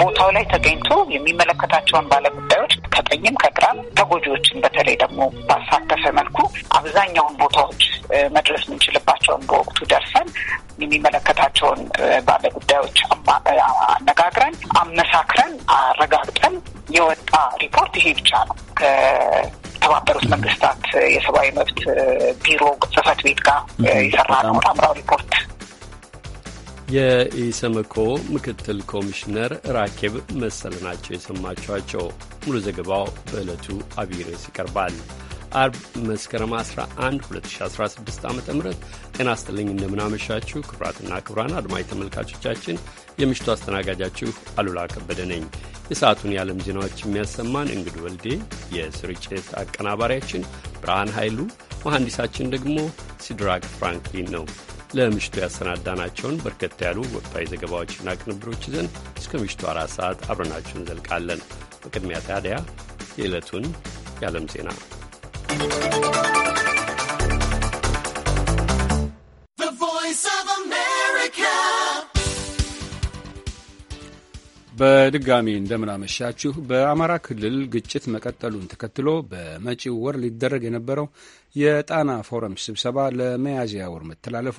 ቦታው ላይ ተገኝቶ የሚመለከታቸውን ባለጉዳዮች ከቀኝም ከግራም ተጎጂዎችን በተለይ ደግሞ ባሳተፈ መልኩ አብዛኛውን ቦታዎች መድረስ የምንችልባቸውን በወቅቱ ደርሰን የሚመለከታቸውን ባለጉዳዮች አነጋግረን አመሳክረን አረጋግጠን የወጣ ሪፖርት ይሄ ብቻ ነው። ከተባበሩት መንግስታት የሰብአዊ መብት ቢሮ ጽህፈት ቤት ጋር ነው ጣምራው ሪፖርት የኢሰመኮ ምክትል ኮሚሽነር ራኬብ መሰል ናቸው የሰማችኋቸው። ሙሉ ዘገባው በዕለቱ አብይ ርዕስ ይቀርባል። አርብ መስከረም 11 2016 ዓ ም ጤና ስጥልኝ፣ እንደምናመሻችሁ ክቡራትና ክቡራን አድማጭ ተመልካቾቻችን የምሽቱ አስተናጋጃችሁ አሉላ ከበደ ነኝ። የሰዓቱን የዓለም ዜናዎች የሚያሰማን እንግድ ወልዴ፣ የስርጭት አቀናባሪያችን ብርሃን ኃይሉ፣ መሐንዲሳችን ደግሞ ሲድራክ ፍራንክሊን ነው። ለምሽቱ ያሰናዳናቸውን በርከት ያሉ ወቅታዊ ዘገባዎችና ቅንብሮች ይዘን እስከ ምሽቱ አራት ሰዓት አብረናችሁ እንዘልቃለን። በቅድሚያ ታዲያ የዕለቱን የዓለም ዜና The በድጋሚ እንደምናመሻችሁ። በአማራ ክልል ግጭት መቀጠሉን ተከትሎ በመጪው ወር ሊደረግ የነበረው የጣና ፎረም ስብሰባ ለመያዝያ ወር መተላለፉ፣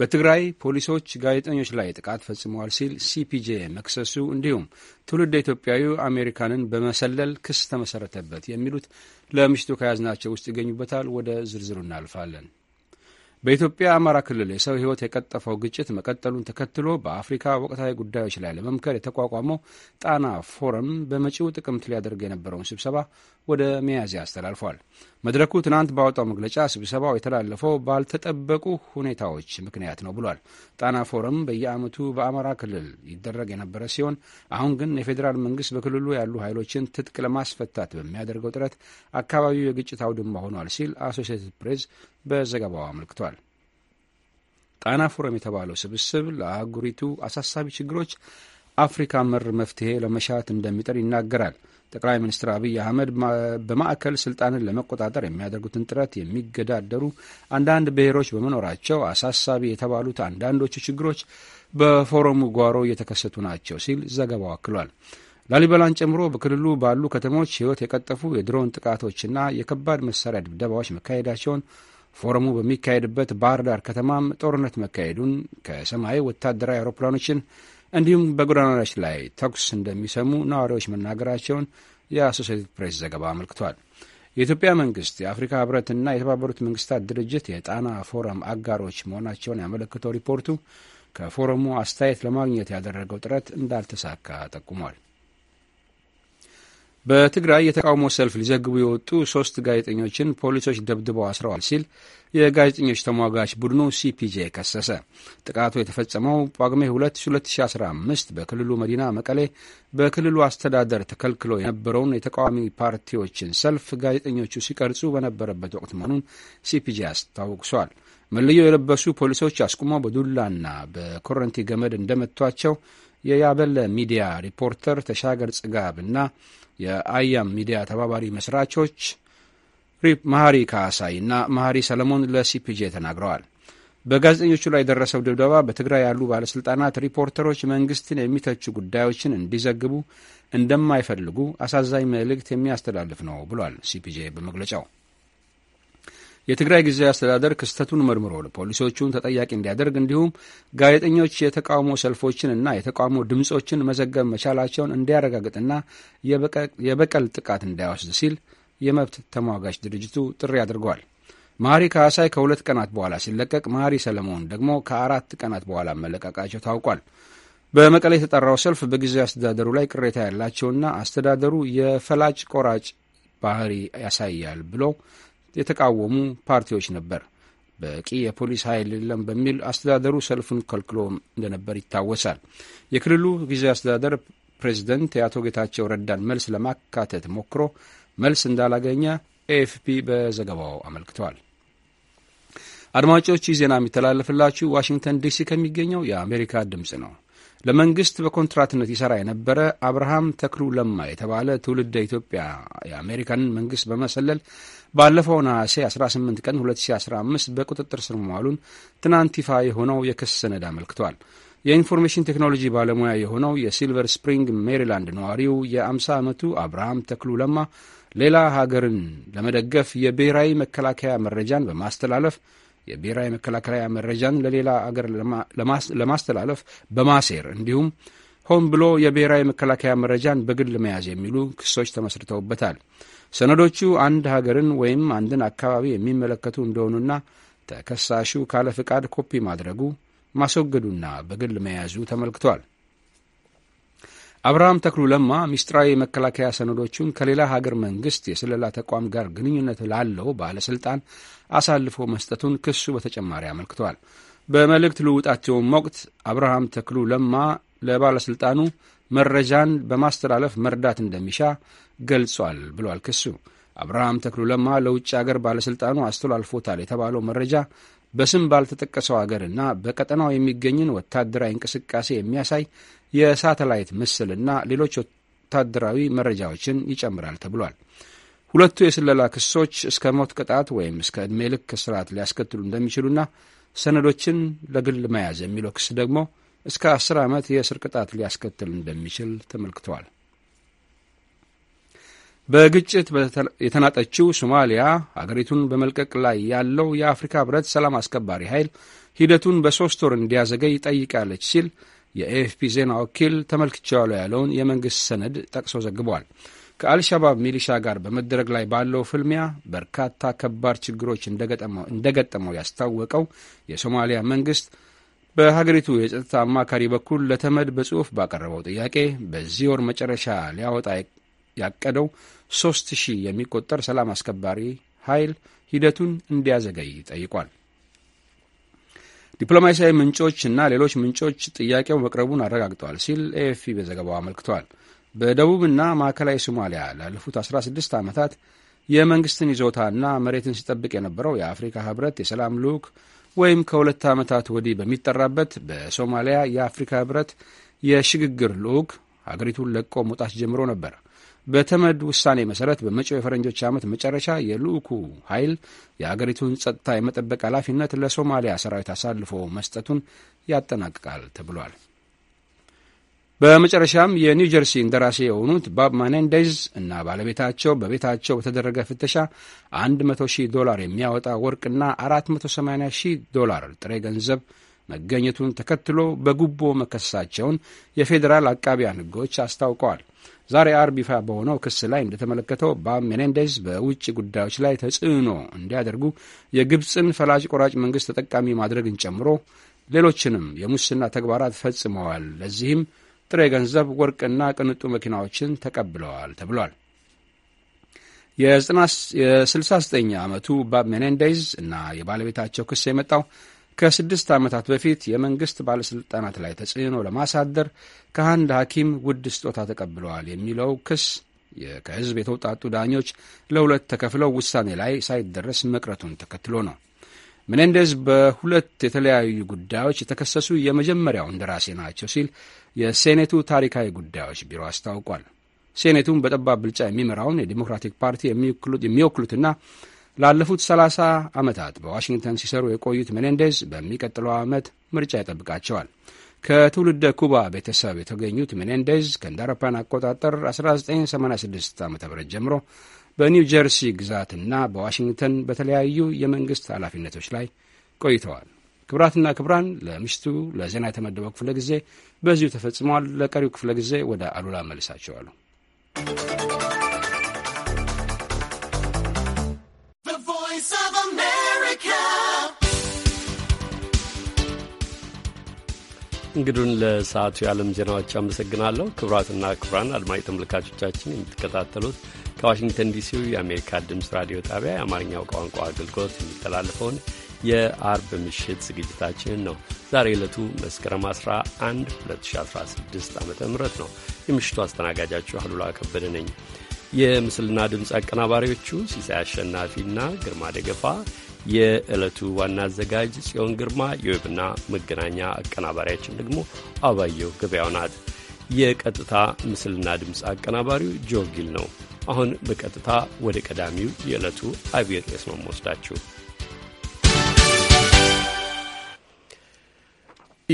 በትግራይ ፖሊሶች ጋዜጠኞች ላይ ጥቃት ፈጽመዋል ሲል ሲፒጄ መክሰሱ፣ እንዲሁም ትውልድ ኢትዮጵያዊ አሜሪካንን በመሰለል ክስ ተመሰረተበት የሚሉት ለምሽቱ ከያዝናቸው ውስጥ ይገኙበታል። ወደ ዝርዝሩ እናልፋለን። በኢትዮጵያ አማራ ክልል የሰው ሕይወት የቀጠፈው ግጭት መቀጠሉን ተከትሎ በአፍሪካ ወቅታዊ ጉዳዮች ላይ ለመምከር የተቋቋመው ጣና ፎረም በመጪው ጥቅምት ሊያደርግ የነበረውን ስብሰባ ወደ ሚያዝያ አስተላልፏል። መድረኩ ትናንት ባወጣው መግለጫ ስብሰባው የተላለፈው ባልተጠበቁ ሁኔታዎች ምክንያት ነው ብሏል። ጣና ፎረም በየዓመቱ በአማራ ክልል ይደረግ የነበረ ሲሆን አሁን ግን የፌዴራል መንግስት በክልሉ ያሉ ኃይሎችን ትጥቅ ለማስፈታት በሚያደርገው ጥረት አካባቢው የግጭት አውድማ ሆኗል ሲል አሶሲየትድ ፕሬስ በዘገባው አመልክቷል። ጣና ፎረም የተባለው ስብስብ ለአህጉሪቱ አሳሳቢ ችግሮች አፍሪካ መር መፍትሄ ለመሻት እንደሚጥር ይናገራል። ጠቅላይ ሚኒስትር አብይ አህመድ በማዕከል ስልጣንን ለመቆጣጠር የሚያደርጉትን ጥረት የሚገዳደሩ አንዳንድ ብሔሮች በመኖራቸው አሳሳቢ የተባሉት አንዳንዶቹ ችግሮች በፎረሙ ጓሮ እየተከሰቱ ናቸው ሲል ዘገባው አክሏል። ላሊበላን ጨምሮ በክልሉ ባሉ ከተሞች ሕይወት የቀጠፉ የድሮን ጥቃቶችና የከባድ መሳሪያ ድብደባዎች መካሄዳቸውን ፎረሙ በሚካሄድበት ባህር ዳር ከተማም ጦርነት መካሄዱን ከሰማይ ወታደራዊ አውሮፕላኖችን እንዲሁም በጎዳናዎች ላይ ተኩስ እንደሚሰሙ ነዋሪዎች መናገራቸውን የአሶሴትድ ፕሬስ ዘገባ አመልክቷል። የኢትዮጵያ መንግስት የአፍሪካ ህብረትና የተባበሩት መንግስታት ድርጅት የጣና ፎረም አጋሮች መሆናቸውን ያመለክተው ሪፖርቱ ከፎረሙ አስተያየት ለማግኘት ያደረገው ጥረት እንዳልተሳካ ጠቁሟል። በትግራይ የተቃውሞ ሰልፍ ሊዘግቡ የወጡ ሶስት ጋዜጠኞችን ፖሊሶች ደብድበው አስረዋል ሲል የጋዜጠኞች ተሟጋች ቡድኑ ሲፒጄ ከሰሰ። ጥቃቱ የተፈጸመው ጳጉሜ 2 2015 በክልሉ መዲና መቀሌ በክልሉ አስተዳደር ተከልክሎ የነበረውን የተቃዋሚ ፓርቲዎችን ሰልፍ ጋዜጠኞቹ ሲቀርጹ በነበረበት ወቅት መሆኑን ሲፒጄ አስታውቅሷል። መለዮ የለበሱ ፖሊሶች አስቁመው በዱላና በኮረንቲ ገመድ እንደመቷቸው የያበለ ሚዲያ ሪፖርተር ተሻገር ጽጋብና የአያም ሚዲያ ተባባሪ መስራቾች መሐሪ ካሳይ እና መሐሪ ሰለሞን ለሲፒጄ ተናግረዋል። በጋዜጠኞቹ ላይ የደረሰው ድብደባ በትግራይ ያሉ ባለሥልጣናት፣ ሪፖርተሮች መንግሥትን የሚተቹ ጉዳዮችን እንዲዘግቡ እንደማይፈልጉ አሳዛኝ መልእክት የሚያስተላልፍ ነው ብሏል ሲፒጄ በመግለጫው። የትግራይ ጊዜያዊ አስተዳደር ክስተቱን መርምሮ ፖሊሶቹን ተጠያቂ እንዲያደርግ እንዲሁም ጋዜጠኞች የተቃውሞ ሰልፎችን እና የተቃውሞ ድምፆችን መዘገብ መቻላቸውን እንዲያረጋግጥና የበቀል ጥቃት እንዳይወስድ ሲል የመብት ተሟጋች ድርጅቱ ጥሪ አድርጓል። መሐሪ ካሳይ ከሁለት ቀናት በኋላ ሲለቀቅ መሐሪ ሰለሞን ደግሞ ከአራት ቀናት በኋላ መለቀቃቸው ታውቋል። በመቀሌ የተጠራው ሰልፍ በጊዜ አስተዳደሩ ላይ ቅሬታ ያላቸውና አስተዳደሩ የፈላጭ ቆራጭ ባህሪ ያሳያል ብሎ የተቃወሙ ፓርቲዎች ነበር። በቂ የፖሊስ ኃይል የለም በሚል አስተዳደሩ ሰልፉን ከልክሎ እንደነበር ይታወሳል። የክልሉ ጊዜያዊ አስተዳደር ፕሬዚደንት የአቶ ጌታቸው ረዳን መልስ ለማካተት ሞክሮ መልስ እንዳላገኘ ኤኤፍፒ በዘገባው አመልክተዋል። አድማጮች ይህ ዜና የሚተላለፍላችሁ ዋሽንግተን ዲሲ ከሚገኘው የአሜሪካ ድምፅ ነው። ለመንግስት በኮንትራትነት ይሠራ የነበረ አብርሃም ተክሉ ለማ የተባለ ትውልደ ኢትዮጵያ የአሜሪካንን መንግስት በመሰለል ባለፈው ነሐሴ 18 ቀን 2015 በቁጥጥር ስር መዋሉን ትናንት ይፋ የሆነው የክስ ሰነድ አመልክቷል። የኢንፎርሜሽን ቴክኖሎጂ ባለሙያ የሆነው የሲልቨር ስፕሪንግ ሜሪላንድ ነዋሪው የ50 ዓመቱ አብርሃም ተክሉ ለማ ሌላ ሀገርን ለመደገፍ የብሔራዊ መከላከያ መረጃን በማስተላለፍ የብሔራዊ መከላከያ መረጃን ለሌላ አገር ለማስተላለፍ በማሴር እንዲሁም ሆን ብሎ የብሔራዊ መከላከያ መረጃን በግል መያዝ የሚሉ ክሶች ተመስርተውበታል። ሰነዶቹ አንድ ሀገርን ወይም አንድን አካባቢ የሚመለከቱ እንደሆኑና ተከሳሹ ካለ ፍቃድ ኮፒ ማድረጉ ማስወገዱና በግል መያዙ ተመልክቷል። አብርሃም ተክሉ ለማ ሚስጥራዊ የመከላከያ ሰነዶቹን ከሌላ ሀገር መንግስት የስለላ ተቋም ጋር ግንኙነት ላለው ባለሥልጣን አሳልፎ መስጠቱን ክሱ በተጨማሪ አመልክቷል። በመልእክት ልውጣቸውም ወቅት አብርሃም ተክሉ ለማ ለባለሥልጣኑ መረጃን በማስተላለፍ መርዳት እንደሚሻ ገልጿል ብሏል ክሱ። አብርሃም ተክሉ ለማ ለውጭ አገር ባለሥልጣኑ አስተላልፎታል የተባለው መረጃ በስም ባልተጠቀሰው አገርና በቀጠናው የሚገኝን ወታደራዊ እንቅስቃሴ የሚያሳይ የሳተላይት ምስልና ሌሎች ወታደራዊ መረጃዎችን ይጨምራል ተብሏል። ሁለቱ የስለላ ክሶች እስከ ሞት ቅጣት ወይም እስከ ዕድሜ ልክ ስርዓት ሊያስከትሉ እንደሚችሉና ሰነዶችን ለግል መያዝ የሚለው ክስ ደግሞ እስከ አስር ዓመት የእስር ቅጣት ሊያስከትል እንደሚችል ተመልክተዋል። በግጭት የተናጠችው ሶማሊያ አገሪቱን በመልቀቅ ላይ ያለው የአፍሪካ ህብረት ሰላም አስከባሪ ኃይል ሂደቱን በሦስት ወር እንዲያዘገይ ጠይቃለች ሲል የኤኤፍፒ ዜና ወኪል ተመልክቻለሁ ያለውን የመንግሥት ሰነድ ጠቅሶ ዘግቧል። ከአልሻባብ ሚሊሻ ጋር በመደረግ ላይ ባለው ፍልሚያ በርካታ ከባድ ችግሮች እንደገጠመው ያስታወቀው የሶማሊያ መንግሥት በሀገሪቱ የጸጥታ አማካሪ በኩል ለተመድ በጽሑፍ ባቀረበው ጥያቄ በዚህ ወር መጨረሻ ሊያወጣ ያቀደው ሶስት ሺህ የሚቆጠር ሰላም አስከባሪ ኃይል ሂደቱን እንዲያዘገይ ጠይቋል። ዲፕሎማሲያዊ ምንጮች እና ሌሎች ምንጮች ጥያቄው መቅረቡን አረጋግጠዋል ሲል ኤኤፍፒ በዘገባው አመልክቷል። በደቡብና ማዕከላዊ ሶማሊያ ላለፉት 16 ዓመታት የመንግስትን ይዞታና መሬትን ሲጠብቅ የነበረው የአፍሪካ ህብረት የሰላም ልዑክ ወይም ከሁለት ዓመታት ወዲህ በሚጠራበት በሶማሊያ የአፍሪካ ህብረት የሽግግር ልዑክ ሀገሪቱን ለቆ መውጣት ጀምሮ ነበር። በተመድ ውሳኔ መሠረት በመጪው የፈረንጆች ዓመት መጨረሻ የልዑኩ ኃይል የአገሪቱን ጸጥታ የመጠበቅ ኃላፊነት ለሶማሊያ ሰራዊት አሳልፎ መስጠቱን ያጠናቅቃል ተብሏል። በመጨረሻም የኒውጀርሲ እንደራሴ የሆኑት ባብ ማኔንዴዝ እና ባለቤታቸው በቤታቸው በተደረገ ፍተሻ 100,000 ዶላር የሚያወጣ ወርቅና 480,000 ዶላር ጥሬ ገንዘብ መገኘቱን ተከትሎ በጉቦ መከሰሳቸውን የፌዴራል አቃቢያን ሕጎች አስታውቀዋል። ዛሬ አርብ ይፋ በሆነው ክስ ላይ እንደተመለከተው ባብ ሜኔንዴዝ በውጭ ጉዳዮች ላይ ተጽዕኖ እንዲያደርጉ የግብፅን ፈላጭ ቆራጭ መንግስት ተጠቃሚ ማድረግን ጨምሮ ሌሎችንም የሙስና ተግባራት ፈጽመዋል፣ ለዚህም ጥሬ ገንዘብ፣ ወርቅና ቅንጡ መኪናዎችን ተቀብለዋል ተብሏል። የ69 ዓመቱ ባብ ሜኔንዴዝ እና የባለቤታቸው ክስ የመጣው ከስድስት ዓመታት በፊት የመንግሥት ባለሥልጣናት ላይ ተጽዕኖ ለማሳደር ከአንድ ሐኪም ውድ ስጦታ ተቀብለዋል የሚለው ክስ ከሕዝብ የተውጣጡ ዳኞች ለሁለት ተከፍለው ውሳኔ ላይ ሳይደረስ መቅረቱን ተከትሎ ነው። ሜኔንዴዝ በሁለት የተለያዩ ጉዳዮች የተከሰሱ የመጀመሪያው እንደራሴ ናቸው ሲል የሴኔቱ ታሪካዊ ጉዳዮች ቢሮ አስታውቋል። ሴኔቱም በጠባብ ብልጫ የሚመራውን የዲሞክራቲክ ፓርቲ የሚወክሉትና ላለፉት 30 ዓመታት በዋሽንግተን ሲሰሩ የቆዩት ሜኔንዴዝ በሚቀጥለው ዓመት ምርጫ ይጠብቃቸዋል። ከትውልደ ኩባ ቤተሰብ የተገኙት ሜኔንዴዝ ከእንደ አቆጣጠር 1986 ዓ ም ጀምሮ በኒው ጀርሲ ግዛትና በዋሽንግተን በተለያዩ የመንግሥት ኃላፊነቶች ላይ ቆይተዋል። ክብራትና ክብራን ለምሽቱ ለዜና የተመደበው ክፍለ ጊዜ በዚሁ ተፈጽመዋል። ለቀሪው ክፍለ ጊዜ ወደ አሉላ መልሳቸዋሉ። እንግዱን ለሰዓቱ የዓለም ዜናዎች አመሰግናለሁ። ክቡራትና ክቡራን አድማጭ ተመልካቾቻችን የምትከታተሉት ከዋሽንግተን ዲሲው የአሜሪካ ድምፅ ራዲዮ ጣቢያ የአማርኛው ቋንቋ አገልግሎት የሚተላለፈውን የአርብ ምሽት ዝግጅታችንን ነው። ዛሬ ዕለቱ መስከረም 11 2016 ዓ ም ነው። የምሽቱ አስተናጋጃችሁ አሉላ ከበደ ነኝ። የምስልና ድምፅ አቀናባሪዎቹ ሲሳይ አሸናፊና ግርማ ደገፋ፣ የዕለቱ ዋና አዘጋጅ ጽዮን ግርማ፣ የዌብና መገናኛ አቀናባሪያችን ደግሞ አባየሁ ገበያው ናት። የቀጥታ ምስልና ድምፅ አቀናባሪው ጆጊል ነው። አሁን በቀጥታ ወደ ቀዳሚው የዕለቱ አብይ ርዕስ ነው የምወስዳችሁ።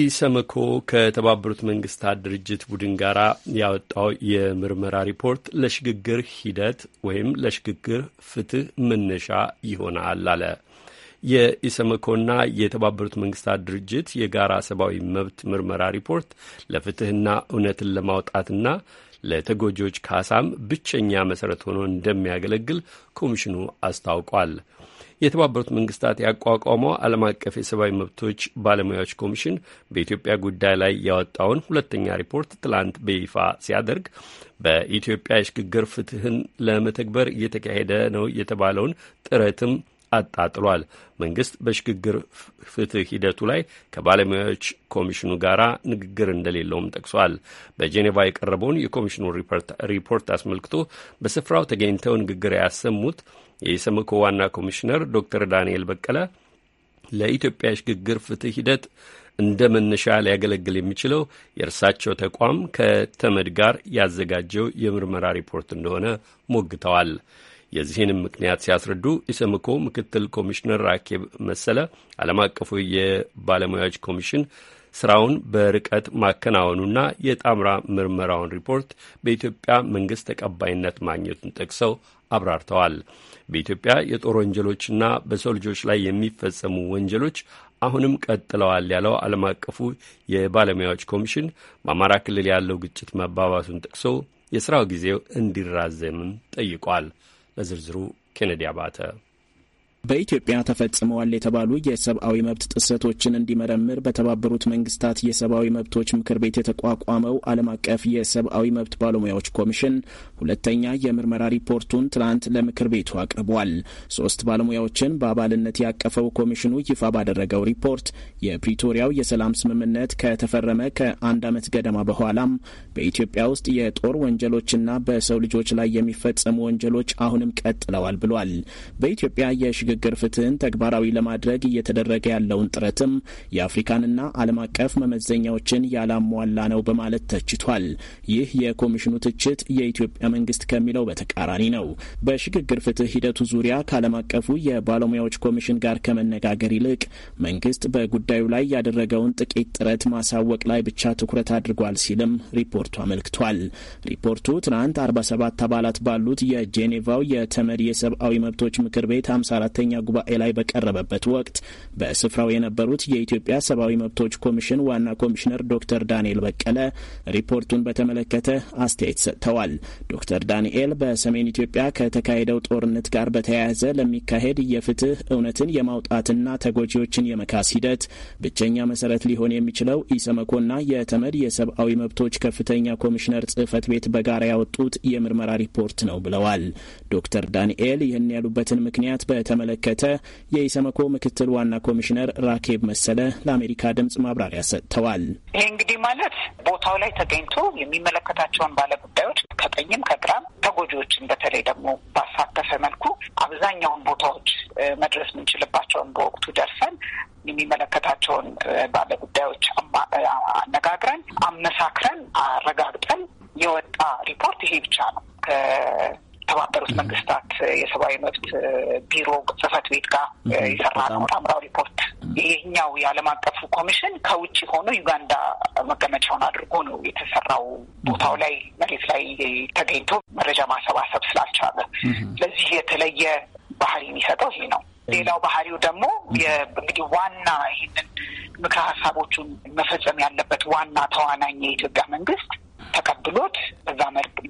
ኢሰመኮ ከተባበሩት መንግስታት ድርጅት ቡድን ጋር ያወጣው የምርመራ ሪፖርት ለሽግግር ሂደት ወይም ለሽግግር ፍትህ መነሻ ይሆናል አለ። የኢሰመኮና የተባበሩት መንግስታት ድርጅት የጋራ ሰብአዊ መብት ምርመራ ሪፖርት ለፍትህና እውነትን ለማውጣትና ለተጎጂዎች ካሳም ብቸኛ መሰረት ሆኖ እንደሚያገለግል ኮሚሽኑ አስታውቋል። የተባበሩት መንግስታት ያቋቋመው ዓለም አቀፍ የሰብአዊ መብቶች ባለሙያዎች ኮሚሽን በኢትዮጵያ ጉዳይ ላይ ያወጣውን ሁለተኛ ሪፖርት ትላንት በይፋ ሲያደርግ በኢትዮጵያ የሽግግር ፍትህን ለመተግበር እየተካሄደ ነው የተባለውን ጥረትም አጣጥሏል። መንግስት በሽግግር ፍትህ ሂደቱ ላይ ከባለሙያዎች ኮሚሽኑ ጋር ንግግር እንደሌለውም ጠቅሷል። በጄኔቫ የቀረበውን የኮሚሽኑ ሪፖርት አስመልክቶ በስፍራው ተገኝተው ንግግር ያሰሙት የኢሰመኮ ዋና ኮሚሽነር ዶክተር ዳንኤል በቀለ ለኢትዮጵያ የሽግግር ፍትህ ሂደት እንደ መነሻ ሊያገለግል የሚችለው የእርሳቸው ተቋም ከተመድ ጋር ያዘጋጀው የምርመራ ሪፖርት እንደሆነ ሞግተዋል። የዚህንም ምክንያት ሲያስረዱ ኢሰመኮ ምክትል ኮሚሽነር ራኬብ መሰለ ዓለም አቀፉ የባለሙያዎች ኮሚሽን ስራውን በርቀት ማከናወኑና የጣምራ ምርመራውን ሪፖርት በኢትዮጵያ መንግስት ተቀባይነት ማግኘቱን ጠቅሰው አብራርተዋል። በኢትዮጵያ የጦር ወንጀሎችና በሰው ልጆች ላይ የሚፈጸሙ ወንጀሎች አሁንም ቀጥለዋል ያለው ዓለም አቀፉ የባለሙያዎች ኮሚሽን በአማራ ክልል ያለው ግጭት መባባሱን ጠቅሶ የስራው ጊዜው እንዲራዘምም ጠይቋል። ለዝርዝሩ ኬኔዲ አባተ በኢትዮጵያ ተፈጽመዋል የተባሉ የሰብአዊ መብት ጥሰቶችን እንዲመረምር በተባበሩት መንግስታት የሰብአዊ መብቶች ምክር ቤት የተቋቋመው ዓለም አቀፍ የሰብአዊ መብት ባለሙያዎች ኮሚሽን ሁለተኛ የምርመራ ሪፖርቱን ትናንት ለምክር ቤቱ አቅርቧል። ሶስት ባለሙያዎችን በአባልነት ያቀፈው ኮሚሽኑ ይፋ ባደረገው ሪፖርት የፕሪቶሪያው የሰላም ስምምነት ከተፈረመ ከአንድ ዓመት ገደማ በኋላም በኢትዮጵያ ውስጥ የጦር ወንጀሎችና በሰው ልጆች ላይ የሚፈጸሙ ወንጀሎች አሁንም ቀጥለዋል ብሏል። በኢትዮጵያ የሽግግር ፍትህን ተግባራዊ ለማድረግ እየተደረገ ያለውን ጥረትም የአፍሪካንና ዓለም አቀፍ መመዘኛዎችን ያላሟላ ነው በማለት ተችቷል። ይህ የኮሚሽኑ ትችት የኢትዮጵያ መንግስት ከሚለው በተቃራኒ ነው። በሽግግር ፍትህ ሂደቱ ዙሪያ ከዓለም አቀፉ የባለሙያዎች ኮሚሽን ጋር ከመነጋገር ይልቅ መንግስት በጉዳዩ ላይ ያደረገውን ጥቂት ጥረት ማሳወቅ ላይ ብቻ ትኩረት አድርጓል ሲልም ሪፖርቱ አመልክቷል። ሪፖርቱ ትናንት 47 አባላት ባሉት የጄኔቫው የተመድ የሰብአዊ መብቶች ምክር ቤት 54ተኛ ጉባኤ ላይ በቀረበበት ወቅት በስፍራው የነበሩት የኢትዮጵያ ሰብአዊ መብቶች ኮሚሽን ዋና ኮሚሽነር ዶክተር ዳንኤል በቀለ ሪፖርቱን በተመለከተ አስተያየት ሰጥተዋል። ዶክተር ዳንኤል በሰሜን ኢትዮጵያ ከተካሄደው ጦርነት ጋር በተያያዘ ለሚካሄድ የፍትህ እውነትን የማውጣትና ተጎጂዎችን የመካስ ሂደት ብቸኛ መሰረት ሊሆን የሚችለው ኢሰመኮና የተመድ የሰብአዊ መብቶች ከፍተኛ ኮሚሽነር ጽህፈት ቤት በጋራ ያወጡት የምርመራ ሪፖርት ነው ብለዋል። ዶክተር ዳንኤል ይህን ያሉበትን ምክንያት በተመለከተ የኢሰመኮ ምክትል ዋና ኮሚሽነር ራኬብ መሰለ ለአሜሪካ ድምጽ ማብራሪያ ሰጥተዋል። ይህ እንግዲህ ማለት ቦታው ላይ ተገኝቶ የሚመለከታቸውን ባለጉዳዮች ከቀኝም ከግራም ተጎጂዎችን በተለይ ደግሞ ባሳተፈ መልኩ አብዛኛውን ቦታዎች መድረስ የምንችልባቸውን በወቅቱ ደርሰን የሚመለከታቸውን ባለጉዳዮች አነጋግረን አመሳክረን አረጋግጠን የወጣ ሪፖርት ይሄ ብቻ ነው። የተባበሩት መንግስታት የሰብአዊ መብት ቢሮ ጽህፈት ቤት ጋር የሰራ ነው ጣምራው ሪፖርት። ይህኛው የዓለም አቀፉ ኮሚሽን ከውጭ ሆኖ ዩጋንዳ መቀመጫውን አድርጎ ነው የተሰራው። ቦታው ላይ መሬት ላይ ተገኝቶ መረጃ ማሰባሰብ ስላልቻለ ስለዚህ የተለየ ባህሪ የሚሰጠው ይሄ ነው። ሌላው ባህሪው ደግሞ እንግዲህ ዋና ይህንን ምክረ ሀሳቦቹን መፈጸም ያለበት ዋና ተዋናኝ የኢትዮጵያ መንግስት ተቀብሎት በዛ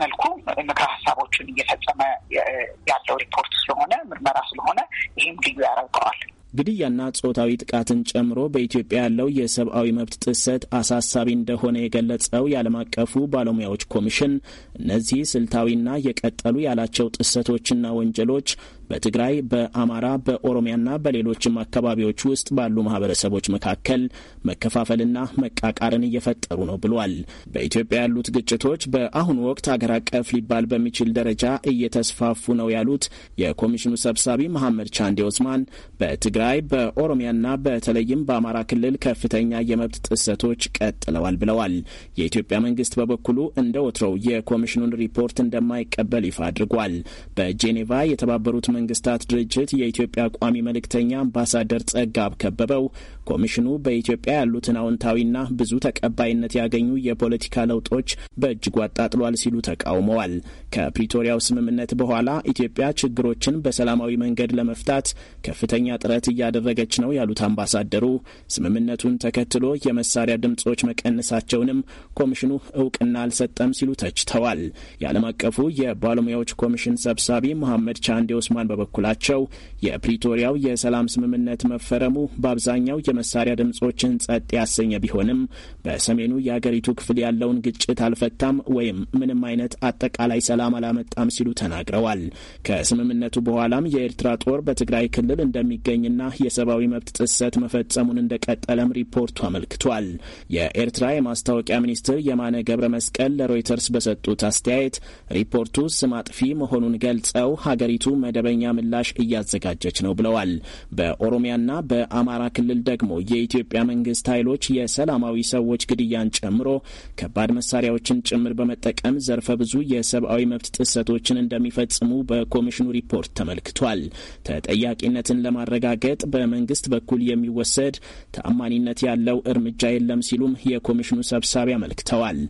መልኩ ምክረ ሀሳቦችን እየፈጸመ ያለው ሪፖርት ስለሆነ ምርመራ ስለሆነ ይህም ልዩ ያደርገዋል። ግድያና ጾታዊ ጥቃትን ጨምሮ በኢትዮጵያ ያለው የሰብአዊ መብት ጥሰት አሳሳቢ እንደሆነ የገለጸው የዓለም አቀፉ ባለሙያዎች ኮሚሽን እነዚህ ስልታዊና የቀጠሉ ያላቸው ጥሰቶችና ወንጀሎች በትግራይ፣ በአማራ፣ በኦሮሚያና በሌሎችም አካባቢዎች ውስጥ ባሉ ማህበረሰቦች መካከል መከፋፈልና መቃቃርን እየፈጠሩ ነው ብሏል። በኢትዮጵያ ያሉት ግጭቶች በአሁኑ ወቅት አገር አቀፍ ሊባል በሚችል ደረጃ እየተስፋፉ ነው ያሉት የኮሚሽኑ ሰብሳቢ መሐመድ ቻንዴ ኦስማን በትግራይ በኦሮሚያና በተለይም በአማራ ክልል ከፍተኛ የመብት ጥሰቶች ቀጥለዋል ብለዋል። የኢትዮጵያ መንግስት በበኩሉ እንደ ወትሮው የኮሚሽኑን ሪፖርት እንደማይቀበል ይፋ አድርጓል። በጄኔቫ የተባበሩት መንግስታት ድርጅት የኢትዮጵያ ቋሚ መልእክተኛ አምባሳደር ጸጋብ ከበበው ኮሚሽኑ በኢትዮጵያ ያሉትን አዎንታዊና ብዙ ተቀባይነት ያገኙ የፖለቲካ ለውጦች በእጅጉ አጣጥሏል ሲሉ ተቃውመዋል። ከፕሪቶሪያው ስምምነት በኋላ ኢትዮጵያ ችግሮችን በሰላማዊ መንገድ ለመፍታት ከፍተኛ ጥረት እያደረገች ነው ያሉት አምባሳደሩ ስምምነቱን ተከትሎ የመሳሪያ ድምጾች መቀነሳቸውንም ኮሚሽኑ እውቅና አልሰጠም ሲሉ ተችተዋል። የዓለም አቀፉ የባለሙያዎች ኮሚሽን ሰብሳቢ መሐመድ ቻንዴ ኦስማን በበኩላቸው የፕሪቶሪያው የሰላም ስምምነት መፈረሙ በአብዛኛው የመሳሪያ ድምፆችን ጸጥ ያሰኘ ቢሆንም በሰሜኑ የአገሪቱ ክፍል ያለውን ግጭት አልፈታም ወይም ምንም አይነት አጠቃላይ ሰላም አላመጣም ሲሉ ተናግረዋል። ከስምምነቱ በኋላም የኤርትራ ጦር በትግራይ ክልል እንደሚገኝና የሰብአዊ መብት ጥሰት መፈጸሙን እንደቀጠለም ሪፖርቱ አመልክቷል። የኤርትራ የማስታወቂያ ሚኒስትር የማነ ገብረ መስቀል ለሮይተርስ በሰጡት አስተያየት ሪፖርቱ ስም አጥፊ መሆኑን ገልጸው ሀገሪቱ መደበኛ ምላሽ እያዘጋጀች ነው ብለዋል። በኦሮሚያና በአማራ ክልል ደግሞ ደግሞ የኢትዮጵያ መንግስት ኃይሎች የሰላማዊ ሰዎች ግድያን ጨምሮ ከባድ መሳሪያዎችን ጭምር በመጠቀም ዘርፈ ብዙ የሰብአዊ መብት ጥሰቶችን እንደሚፈጽሙ በኮሚሽኑ ሪፖርት ተመልክቷል። ተጠያቂነትን ለማረጋገጥ በመንግስት በኩል የሚወሰድ ተአማኒነት ያለው እርምጃ የለም ሲሉም የኮሚሽኑ ሰብሳቢ አመልክተዋል።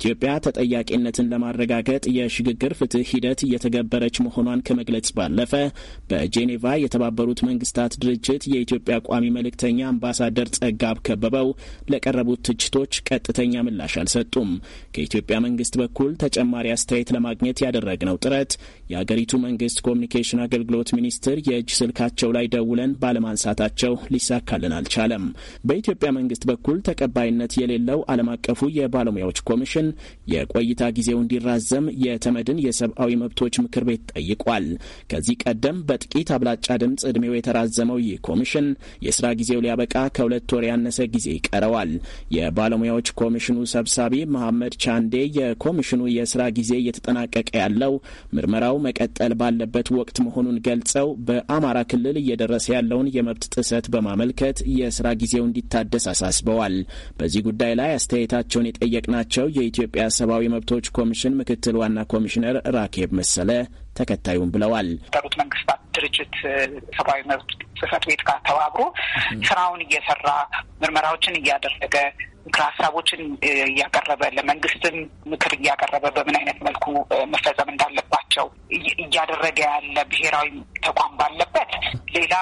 ኢትዮጵያ ተጠያቂነትን ለማረጋገጥ የሽግግር ፍትህ ሂደት እየተገበረች መሆኗን ከመግለጽ ባለፈ በጄኔቫ የተባበሩት መንግስታት ድርጅት የኢትዮጵያ ቋሚ መልእክተኛ አምባሳደር ጸጋብ ከበበው ለቀረቡት ትችቶች ቀጥተኛ ምላሽ አልሰጡም። ከኢትዮጵያ መንግስት በኩል ተጨማሪ አስተያየት ለማግኘት ያደረግነው ጥረት የአገሪቱ መንግስት ኮሚኒኬሽን አገልግሎት ሚኒስትር የእጅ ስልካቸው ላይ ደውለን ባለማንሳታቸው ሊሳካልን አልቻለም። በኢትዮጵያ መንግስት በኩል ተቀባይነት የሌለው ዓለም አቀፉ የባለሙያዎች ኮሚሽን የቆይታ ጊዜው እንዲራዘም የተመድን የሰብአዊ መብቶች ምክር ቤት ጠይቋል። ከዚህ ቀደም በጥቂት አብላጫ ድምፅ ዕድሜው የተራዘመው ይህ ኮሚሽን የስራ ጊዜው ሊያበቃ ከሁለት ወር ያነሰ ጊዜ ይቀረዋል። የባለሙያዎች ኮሚሽኑ ሰብሳቢ መሐመድ ቻንዴ የኮሚሽኑ የስራ ጊዜ እየተጠናቀቀ ያለው ምርመራው መቀጠል ባለበት ወቅት መሆኑን ገልጸው በአማራ ክልል እየደረሰ ያለውን የመብት ጥሰት በማመልከት የስራ ጊዜው እንዲታደስ አሳስበዋል። በዚህ ጉዳይ ላይ አስተያየታቸውን የጠየቅናቸው የኢትዮጵያ ሰብአዊ መብቶች ኮሚሽን ምክትል ዋና ኮሚሽነር ራኬብ መሰለ ተከታዩም ብለዋል። የተባበሩት መንግስታት ድርጅት ሰብአዊ መብት ጽህፈት ቤት ጋር ተባብሮ ስራውን እየሰራ ምርመራዎችን እያደረገ ምክር ሀሳቦችን እያቀረበ ለመንግስትም ምክር እያቀረበ በምን አይነት መልኩ መፈጸም እንዳለባቸው እያደረገ ያለ ብሔራዊ ተቋም ባለበት ሌላ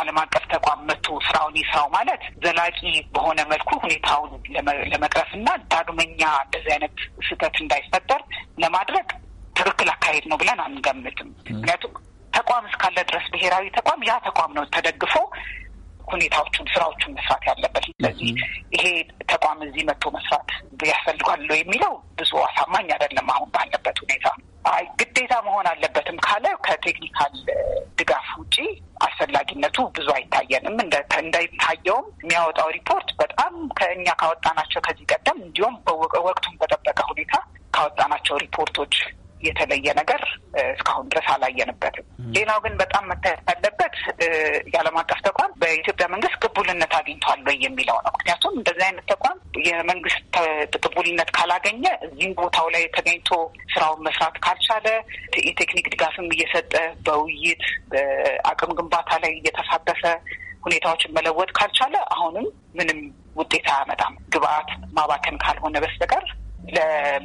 ዓለም አቀፍ ተቋም መጥቶ ስራውን ይስራው ማለት ዘላቂ በሆነ መልኩ ሁኔታውን ለመቅረፍ እና ዳግመኛ እንደዚህ አይነት ስህተት እንዳይፈጠር ለማድረግ ትክክል አካሄድ ነው ብለን አንገምትም። ምክንያቱም ተቋም እስካለ ድረስ ብሔራዊ ተቋም ያ ተቋም ነው ተደግፎ ሁኔታዎቹን ስራዎቹን መስራት ያለበት። ስለዚህ ይሄ ተቋም እዚህ መጥቶ መስራት ያስፈልጋል የሚለው ብዙ አሳማኝ አይደለም አሁን ባለበት ሁኔታ። አይ ግዴታ መሆን አለበትም ካለ ከቴክኒካል ድጋፍ ውጪ አስፈላጊነቱ ብዙ አይታየንም። እንዳይታየውም የሚያወጣው ሪፖርት በጣም ከእኛ ካወጣናቸው ከዚህ ቀደም እንዲሁም ወቅቱን በጠበቀ ሁኔታ ካወጣናቸው ሪፖርቶች የተለየ ነገር እስካሁን ድረስ አላየንበትም። ሌላው ግን በጣም መታየት ያለበት የዓለም አቀፍ ተቋም በኢትዮጵያ መንግስት ቅቡልነት አግኝቷል ወይ የሚለው ነው። ምክንያቱም እንደዚህ አይነት ተቋም የመንግስት ቅቡልነት ካላገኘ እዚህም ቦታው ላይ ተገኝቶ ስራውን መስራት ካልቻለ የቴክኒክ ድጋፍም እየሰጠ በውይይት በአቅም ግንባታ ላይ እየተሳተፈ ሁኔታዎችን መለወጥ ካልቻለ አሁንም ምንም ውጤት አያመጣም፣ ግብአት ማባከን ካልሆነ በስተቀር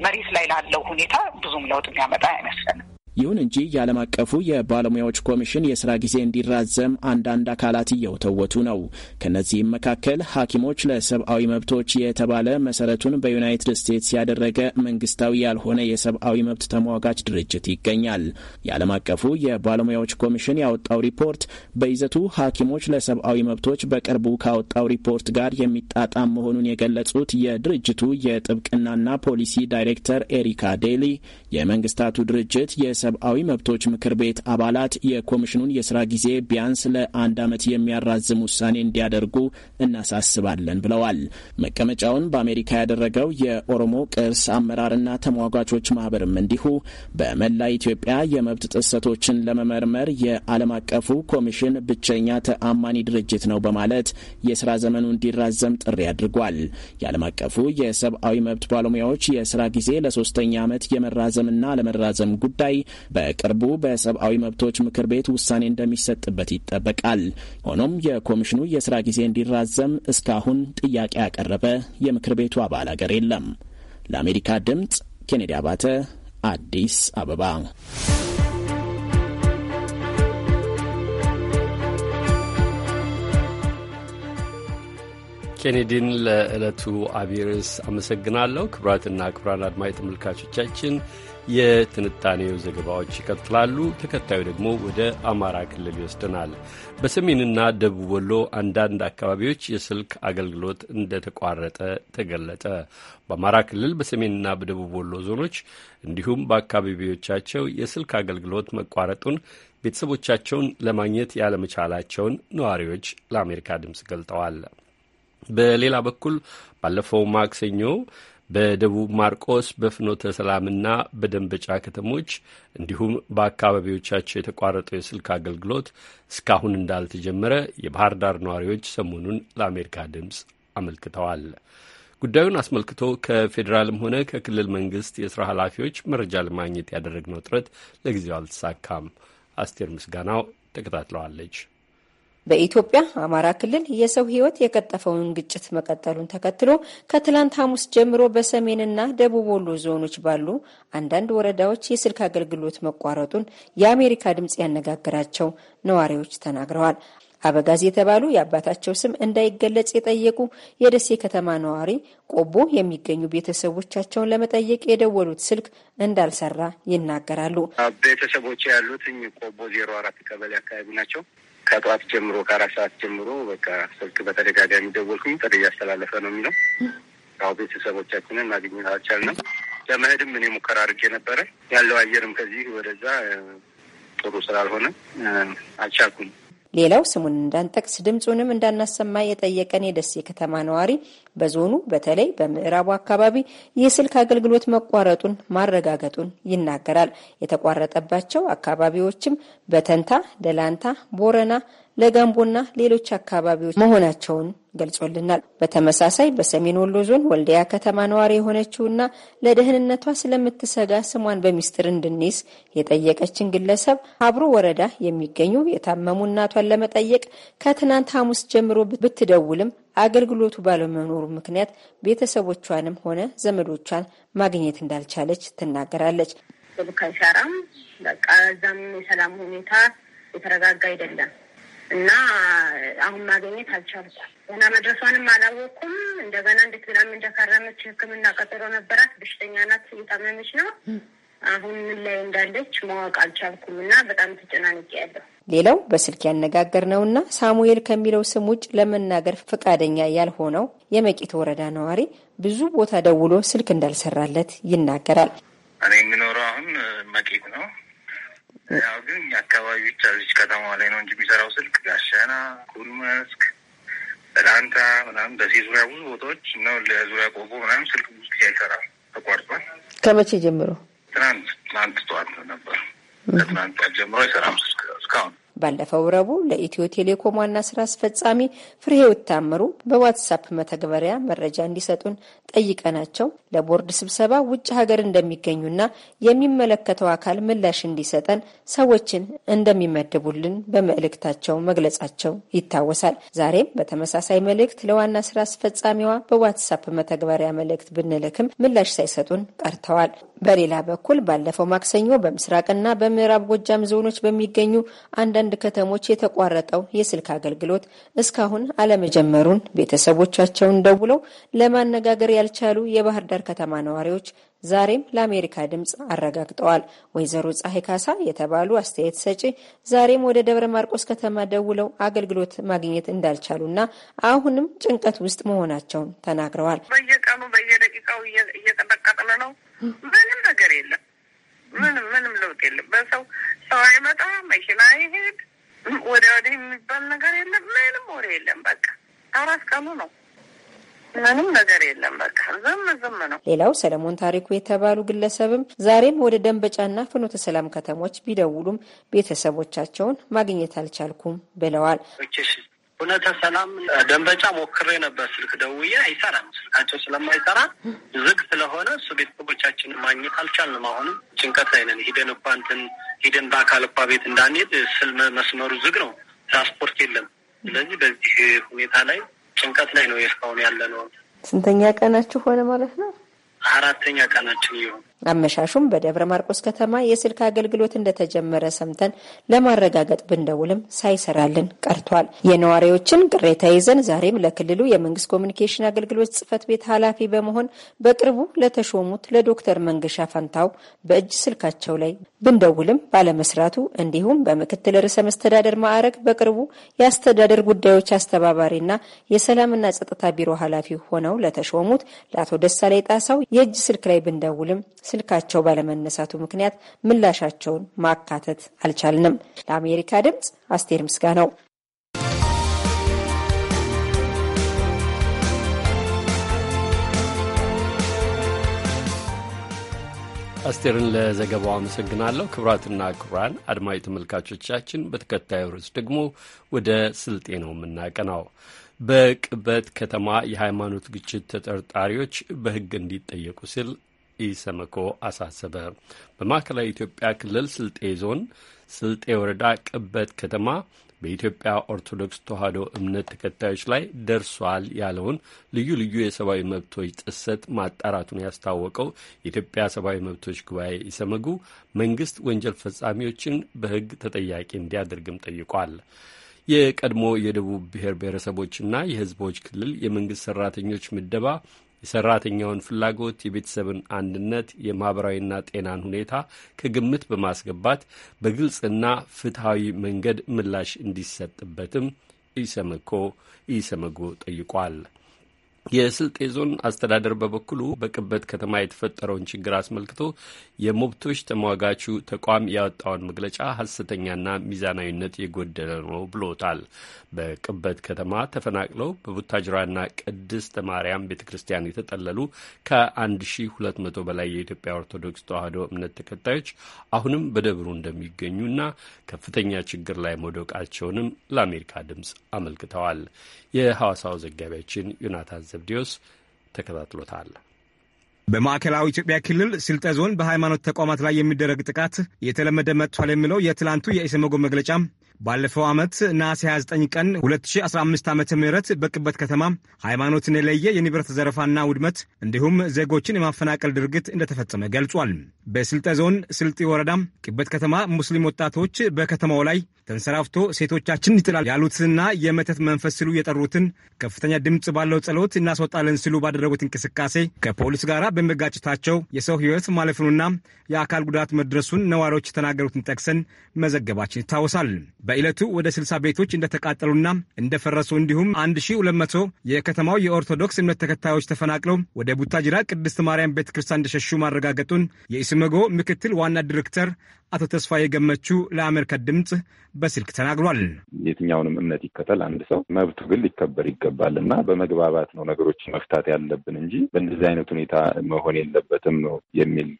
መሬት ላይ ላለው ሁኔታ ብዙም ለውጥ የሚያመጣ አይመስለንም። ይሁን እንጂ የዓለም አቀፉ የባለሙያዎች ኮሚሽን የስራ ጊዜ እንዲራዘም አንዳንድ አካላት እየወተወቱ ነው። ከነዚህም መካከል ሐኪሞች ለሰብአዊ መብቶች የተባለ መሰረቱን በዩናይትድ ስቴትስ ያደረገ መንግስታዊ ያልሆነ የሰብአዊ መብት ተሟጋች ድርጅት ይገኛል። የዓለም አቀፉ የባለሙያዎች ኮሚሽን ያወጣው ሪፖርት በይዘቱ ሐኪሞች ለሰብአዊ መብቶች በቅርቡ ካወጣው ሪፖርት ጋር የሚጣጣም መሆኑን የገለጹት የድርጅቱ የጥብቅናና ፖሊሲ ዳይሬክተር ኤሪካ ዴሊ የመንግስታቱ ድርጅት የ የሰብአዊ መብቶች ምክር ቤት አባላት የኮሚሽኑን የስራ ጊዜ ቢያንስ ለአንድ ዓመት የሚያራዝም ውሳኔ እንዲያደርጉ እናሳስባለን ብለዋል። መቀመጫውን በአሜሪካ ያደረገው የኦሮሞ ቅርስ አመራርና ተሟጋቾች ማህበርም እንዲሁ በመላ ኢትዮጵያ የመብት ጥሰቶችን ለመመርመር የዓለም አቀፉ ኮሚሽን ብቸኛ ተአማኒ ድርጅት ነው በማለት የስራ ዘመኑ እንዲራዘም ጥሪ አድርጓል። የዓለም አቀፉ የሰብአዊ መብት ባለሙያዎች የስራ ጊዜ ለሶስተኛ ዓመት የመራዘምና አለመራዘም ጉዳይ በቅርቡ በሰብአዊ መብቶች ምክር ቤት ውሳኔ እንደሚሰጥበት ይጠበቃል። ሆኖም የኮሚሽኑ የስራ ጊዜ እንዲራዘም እስካሁን ጥያቄ ያቀረበ የምክር ቤቱ አባል አገር የለም። ለአሜሪካ ድምጽ ኬኔዲ አባተ አዲስ አበባ። ኬኔዲን ለዕለቱ አቢርስ አመሰግናለሁ። ክብራትና ክብራን አድማጭ ተመልካቾቻችን የትንታኔው ዘገባዎች ይቀጥላሉ። ተከታዩ ደግሞ ወደ አማራ ክልል ይወስደናል። በሰሜንና ደቡብ ወሎ አንዳንድ አካባቢዎች የስልክ አገልግሎት እንደተቋረጠ ተገለጠ። በአማራ ክልል በሰሜንና በደቡብ ወሎ ዞኖች እንዲሁም በአካባቢዎቻቸው የስልክ አገልግሎት መቋረጡን ቤተሰቦቻቸውን ለማግኘት ያለመቻላቸውን ነዋሪዎች ለአሜሪካ ድምፅ ገልጠዋል። በሌላ በኩል ባለፈው ማክሰኞ በደቡብ ማርቆስ በፍኖተ ሰላምና በደንበጫ ከተሞች እንዲሁም በአካባቢዎቻቸው የተቋረጠው የስልክ አገልግሎት እስካሁን እንዳልተጀመረ የባህር ዳር ነዋሪዎች ሰሞኑን ለአሜሪካ ድምፅ አመልክተዋል። ጉዳዩን አስመልክቶ ከፌዴራልም ሆነ ከክልል መንግስት የስራ ኃላፊዎች መረጃ ለማግኘት ያደረግነው ጥረት ለጊዜው አልተሳካም። አስቴር ምስጋናው ተከታትለዋለች። በኢትዮጵያ አማራ ክልል የሰው ህይወት የቀጠፈውን ግጭት መቀጠሉን ተከትሎ ከትላንት ሐሙስ ጀምሮ በሰሜንና ደቡብ ወሎ ዞኖች ባሉ አንዳንድ ወረዳዎች የስልክ አገልግሎት መቋረጡን የአሜሪካ ድምፅ ያነጋገራቸው ነዋሪዎች ተናግረዋል። አበጋዝ የተባሉ የአባታቸው ስም እንዳይገለጽ የጠየቁ የደሴ ከተማ ነዋሪ ቆቦ የሚገኙ ቤተሰቦቻቸውን ለመጠየቅ የደወሉት ስልክ እንዳልሰራ ይናገራሉ። ቤተሰቦች ያሉት ቆቦ ዜሮ አራት ቀበሌ አካባቢ ናቸው። ከጠዋት ጀምሮ ከአራት ሰዓት ጀምሮ በቃ ስልክ በተደጋጋሚ ደወልኩኝ። ጥሪ እያስተላለፈ ነው የሚለው ያው ቤተሰቦቻችንን ማግኘት አልቻልንም። ለመሄድም እኔ ሙከራ አድርጌ ነበረ። ያለው አየርም ከዚህ ወደዛ ጥሩ ስላልሆነ አልቻልኩም። ሌላው ስሙን እንዳንጠቅስ ድምፁንም እንዳናሰማ የጠየቀን የደሴ ከተማ ነዋሪ በዞኑ በተለይ በምዕራቡ አካባቢ የስልክ አገልግሎት መቋረጡን ማረጋገጡን ይናገራል። የተቋረጠባቸው አካባቢዎችም በተንታ፣ ደላንታ፣ ቦረና፣ ለጋምቦና ሌሎች አካባቢዎች መሆናቸውን ገልጾልናል። በተመሳሳይ በሰሜን ወሎ ዞን ወልዲያ ከተማ ነዋሪ የሆነችውና ለደህንነቷ ስለምትሰጋ ስሟን በሚስጥር እንድንይዝ የጠየቀችን ግለሰብ አብሮ ወረዳ የሚገኙ የታመሙ እናቷን ለመጠየቅ ከትናንት ሐሙስ ጀምሮ ብትደውልም አገልግሎቱ ባለመኖሩ ምክንያት ቤተሰቦቿንም ሆነ ዘመዶቿን ማግኘት እንዳልቻለች ትናገራለች። በቃ እዛም የሰላም ሁኔታ የተረጋጋ አይደለም። እና አሁን ማግኘት አልቻልኩም። ገና መድረሷንም አላወቅኩም። እንደገና እንዴት ብላም እንደከረመች ሕክምና ቀጠሮ ነበራት። በሽተኛ ናት፣ እየታመመች ነው። አሁን ምን ላይ እንዳለች ማወቅ አልቻልኩም እና በጣም ተጨናንቄ ያለሁ። ሌላው በስልክ ያነጋገር ነው ና ሳሙኤል ከሚለው ስም ውጭ ለመናገር ፈቃደኛ ያልሆነው የመቄት ወረዳ ነዋሪ ብዙ ቦታ ደውሎ ስልክ እንዳልሰራለት ይናገራል። እኔ የምኖረው አሁን መቄት ነው ያው ግን አካባቢ ብቻ ልጅ ከተማ ላይ ነው እንጂ የሚሰራው ስልክ ጋሸና፣ ጉልመስክ፣ ላንታ ምናምን ደሴ ዙሪያ ብዙ ቦታዎች ነው። ለዙሪያ ቆቦ ምናምን ስልክ ብዙ ጊዜ አይሰራም፣ ተቋርጧል። ከመቼ ጀምሮ? ትናንት ትናንት ጠዋት ነበር። ከትናንት ጠዋት ጀምሮ አይሰራም ስልክ እስካሁን ባለፈው ረቡዕ ለኢትዮ ቴሌኮም ዋና ስራ አስፈጻሚ ፍሬህይወት ታምሩ በዋትሳፕ መተግበሪያ መረጃ እንዲሰጡን ጠይቀናቸው ለቦርድ ስብሰባ ውጭ ሀገር እንደሚገኙና የሚመለከተው አካል ምላሽ እንዲሰጠን ሰዎችን እንደሚመድቡልን በመልእክታቸው መግለጻቸው ይታወሳል። ዛሬም በተመሳሳይ መልእክት ለዋና ስራ አስፈጻሚዋ በዋትሳፕ መተግበሪያ መልእክት ብንልክም ምላሽ ሳይሰጡን ቀርተዋል። በሌላ በኩል ባለፈው ማክሰኞ በምስራቅና በምዕራብ ጎጃም ዞኖች በሚገኙ አንዳንድ ከተሞች የተቋረጠው የስልክ አገልግሎት እስካሁን አለመጀመሩን ቤተሰቦቻቸውን ደውለው ለማነጋገር ያልቻሉ የባህር ዳር ከተማ ነዋሪዎች ዛሬም ለአሜሪካ ድምፅ አረጋግጠዋል። ወይዘሮ ፀሐይ ካሳ የተባሉ አስተያየት ሰጪ ዛሬም ወደ ደብረ ማርቆስ ከተማ ደውለው አገልግሎት ማግኘት እንዳልቻሉና አሁንም ጭንቀት ውስጥ መሆናቸውን ተናግረዋል። በየቀኑ በየደቂቃው እየተጠቀጥነ ነው ምንም ነገር የለም። ምንም ምንም ለውጥ የለም። በሰው ሰው አይመጣ፣ መኪና አይሄድ፣ ወደ ወደ የሚባል ነገር የለም። ምንም ወሬ የለም። በቃ አራት ቀኑ ነው። ምንም ነገር የለም። በቃ ዝም ዝም ነው። ሌላው ሰለሞን ታሪኩ የተባሉ ግለሰብም ዛሬም ወደ ደንበጫና ፍኖተ ሰላም ከተሞች ቢደውሉም ቤተሰቦቻቸውን ማግኘት አልቻልኩም ብለዋል። እውነተ ሰላም ደንበጫ ሞክሬ ነበር። ስልክ ደውዬ አይሰራም። ስልካቸው ስለማይሰራ ዝግ ስለሆነ እሱ ቤተሰቦቻችንን ማግኘት አልቻልንም። አሁንም ጭንቀት ላይ ነን። ሂደን እኳ እንትን ሂደን በአካል እኳ ቤት እንዳንሄድ ስል መስመሩ ዝግ ነው፣ ትራንስፖርት የለም። ስለዚህ በዚህ ሁኔታ ላይ ጭንቀት ላይ ነው እስካሁን ያለ ነው። ስንተኛ ቀናችሁ ሆነ ማለት ነው? አራተኛ ቀናችን ይሆን አመሻሹም በደብረ ማርቆስ ከተማ የስልክ አገልግሎት እንደተጀመረ ሰምተን ለማረጋገጥ ብንደውልም ሳይሰራልን ቀርቷል። የነዋሪዎችን ቅሬታ ይዘን ዛሬም ለክልሉ የመንግስት ኮሚኒኬሽን አገልግሎት ጽህፈት ቤት ኃላፊ በመሆን በቅርቡ ለተሾሙት ለዶክተር መንገሻ ፈንታው በእጅ ስልካቸው ላይ ብንደውልም ባለመስራቱ እንዲሁም በምክትል ርዕሰ መስተዳደር ማዕረግ በቅርቡ የአስተዳደር ጉዳዮች አስተባባሪና የሰላምና ጸጥታ ቢሮ ኃላፊ ሆነው ለተሾሙት ለአቶ ደሳላይ ጣሳው የእጅ ስልክ ላይ ብንደውልም ስልካቸው ባለመነሳቱ ምክንያት ምላሻቸውን ማካተት አልቻልንም። ለአሜሪካ ድምፅ አስቴር ምስጋ ነው። አስቴርን ለዘገባው አመሰግናለሁ። ክብራትና ክቡራን አድማዊ ተመልካቾቻችን፣ በተከታዩ ርዕስ ደግሞ ወደ ስልጤ ነው የምናቀናው። በቅበት ከተማ የሃይማኖት ግጭት ተጠርጣሪዎች በሕግ እንዲጠየቁ ሲል ኢሰመኮ አሳሰበ። በማዕከላዊ ኢትዮጵያ ክልል ስልጤ ዞን ስልጤ ወረዳ ቅበት ከተማ በኢትዮጵያ ኦርቶዶክስ ተዋሕዶ እምነት ተከታዮች ላይ ደርሷል ያለውን ልዩ ልዩ የሰብአዊ መብቶች ጥሰት ማጣራቱን ያስታወቀው የኢትዮጵያ ሰብአዊ መብቶች ጉባኤ ኢሰመጉ መንግስት ወንጀል ፈጻሚዎችን በሕግ ተጠያቂ እንዲያደርግም ጠይቋል። የቀድሞ የደቡብ ብሔር ብሔረሰቦችና የሕዝቦች ክልል የመንግስት ሰራተኞች ምደባ የሰራተኛውን ፍላጎት፣ የቤተሰብን አንድነት፣ የማኅበራዊና ጤናን ሁኔታ ከግምት በማስገባት በግልጽና ፍትሐዊ መንገድ ምላሽ እንዲሰጥበትም ኢሰመኮ ኢሰመጎ ጠይቋል። የስልጤ ዞን አስተዳደር በበኩሉ በቅበት ከተማ የተፈጠረውን ችግር አስመልክቶ የመብቶች ተሟጋቹ ተቋም ያወጣውን መግለጫ ሐሰተኛና ሚዛናዊነት የጎደለ ነው ብሎታል። በቅበት ከተማ ተፈናቅለው በቡታጅራና ቅድስተ ማርያም ቤተ ክርስቲያን የተጠለሉ ከ1200 በላይ የኢትዮጵያ ኦርቶዶክስ ተዋሕዶ እምነት ተከታዮች አሁንም በደብሩ እንደሚገኙና ከፍተኛ ችግር ላይ መውደቃቸውንም ለአሜሪካ ድምፅ አመልክተዋል። የሐዋሳው ዘጋቢያችን ዮናታን ዘብዲዮስ ተከታትሎታል። በማዕከላዊ ኢትዮጵያ ክልል ስልጠ ዞን በሃይማኖት ተቋማት ላይ የሚደረግ ጥቃት የተለመደ መጥቷል የሚለው የትላንቱ የኢሰመጎ መግለጫ ባለፈው ዓመት ነሐሴ 29 ቀን 2015 ዓ ም በቅበት ከተማ ሃይማኖትን የለየ የንብረት ዘረፋና ውድመት እንዲሁም ዜጎችን የማፈናቀል ድርጊት እንደተፈጸመ ገልጿል። በስልጠ ዞን ስልጢ ወረዳ ቅበት ከተማ ሙስሊም ወጣቶች በከተማው ላይ ተንሰራፍቶ ሴቶቻችን ይጥላል ያሉትና የመተት መንፈስ ሲሉ የጠሩትን ከፍተኛ ድምፅ ባለው ጸሎት እናስወጣለን ሲሉ ባደረጉት እንቅስቃሴ ከፖሊስ ጋር በመጋጨታቸው የሰው ሕይወት ማለፉንና የአካል ጉዳት መድረሱን ነዋሪዎች የተናገሩትን ጠቅሰን መዘገባችን ይታወሳል። በዕለቱ ወደ 60 ቤቶች እንደተቃጠሉና እንደፈረሱ እንዲሁም 1200 የከተማው የኦርቶዶክስ እምነት ተከታዮች ተፈናቅለው ወደ ቡታጅራ ቅድስት ማርያም ቤተ ክርስቲያን እንደሸሹ ማረጋገጡን የኢስመጎ ምክትል ዋና ዲሬክተር አቶ ተስፋዬ ገመቹ ለአሜሪካ ድምፅ በስልክ ተናግሯል። የትኛውንም እምነት ይከተል አንድ ሰው መብቱ ግን ሊከበር ይገባል እና በመግባባት ነው ነገሮችን መፍታት ያለብን እንጂ በእንደዚህ አይነት ሁኔታ መሆን የለበትም ነው የሚል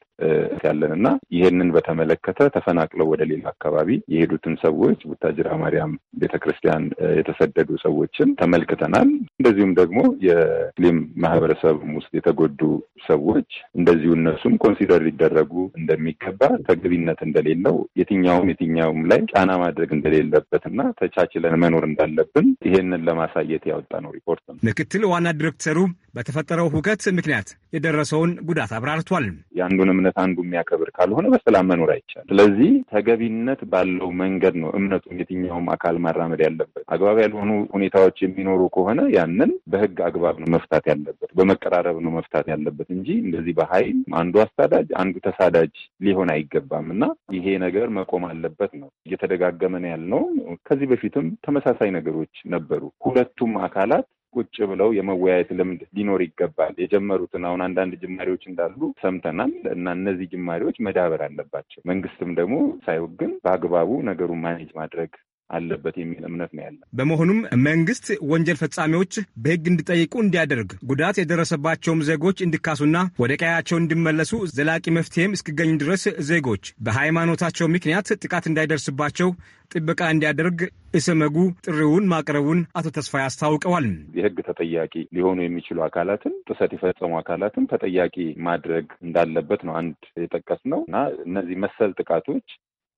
ያለን እና ይህንን በተመለከተ ተፈናቅለው ወደ ሌላ አካባቢ የሄዱትን ሰዎች ቡታጅራ ማርያም ቤተክርስቲያን የተሰደዱ ሰዎችን ተመልክተናል። እንደዚሁም ደግሞ የሙስሊም ማህበረሰብ ውስጥ የተጎዱ ሰዎች እንደዚሁ እነሱም ኮንሲደር ሊደረጉ እንደሚገባ ተገቢነት እንደ እንደሌለው የትኛውም የትኛውም ላይ ጫና ማድረግ እንደሌለበትና ተቻችለን መኖር እንዳለብን ይሄንን ለማሳየት ያወጣ ነው ሪፖርት ነው። ምክትል ዋና ዲሬክተሩ በተፈጠረው ሁከት ምክንያት የደረሰውን ጉዳት አብራርቷል። የአንዱን እምነት አንዱ የሚያከብር ካልሆነ በሰላም መኖር አይቻልም። ስለዚህ ተገቢነት ባለው መንገድ ነው እምነቱን የትኛውም አካል ማራመድ ያለበት። አግባብ ያልሆኑ ሁኔታዎች የሚኖሩ ከሆነ ያንን በህግ አግባብ ነው መፍታት ያለበት፣ በመቀራረብ ነው መፍታት ያለበት እንጂ እንደዚህ በኃይል አንዱ አሳዳጅ አንዱ ተሳዳጅ ሊሆን አይገባም እና ይሄ ነገር መቆም አለበት ነው እየተደጋገመን ነው ያልነው። ከዚህ በፊትም ተመሳሳይ ነገሮች ነበሩ። ሁለቱም አካላት ቁጭ ብለው የመወያየት ልምድ ሊኖር ይገባል። የጀመሩትን አሁን አንዳንድ ጅማሬዎች እንዳሉ ሰምተናል እና እነዚህ ጅማሬዎች መዳበር አለባቸው። መንግስትም ደግሞ ሳይወግን በአግባቡ ነገሩን ማኔጅ ማድረግ አለበት የሚል እምነት ነው ያለ። በመሆኑም መንግስት ወንጀል ፈጻሚዎች በህግ እንዲጠይቁ እንዲያደርግ፣ ጉዳት የደረሰባቸውም ዜጎች እንዲካሱና ወደ ቀያቸው እንዲመለሱ፣ ዘላቂ መፍትሄም እስኪገኝ ድረስ ዜጎች በሃይማኖታቸው ምክንያት ጥቃት እንዳይደርስባቸው ጥበቃ እንዲያደርግ እሰመጉ ጥሪውን ማቅረቡን አቶ ተስፋ ያስታውቀዋል። የህግ ተጠያቂ ሊሆኑ የሚችሉ አካላትን ጥሰት የፈጸሙ አካላትን ተጠያቂ ማድረግ እንዳለበት ነው አንድ የጠቀስ ነው እና እነዚህ መሰል ጥቃቶች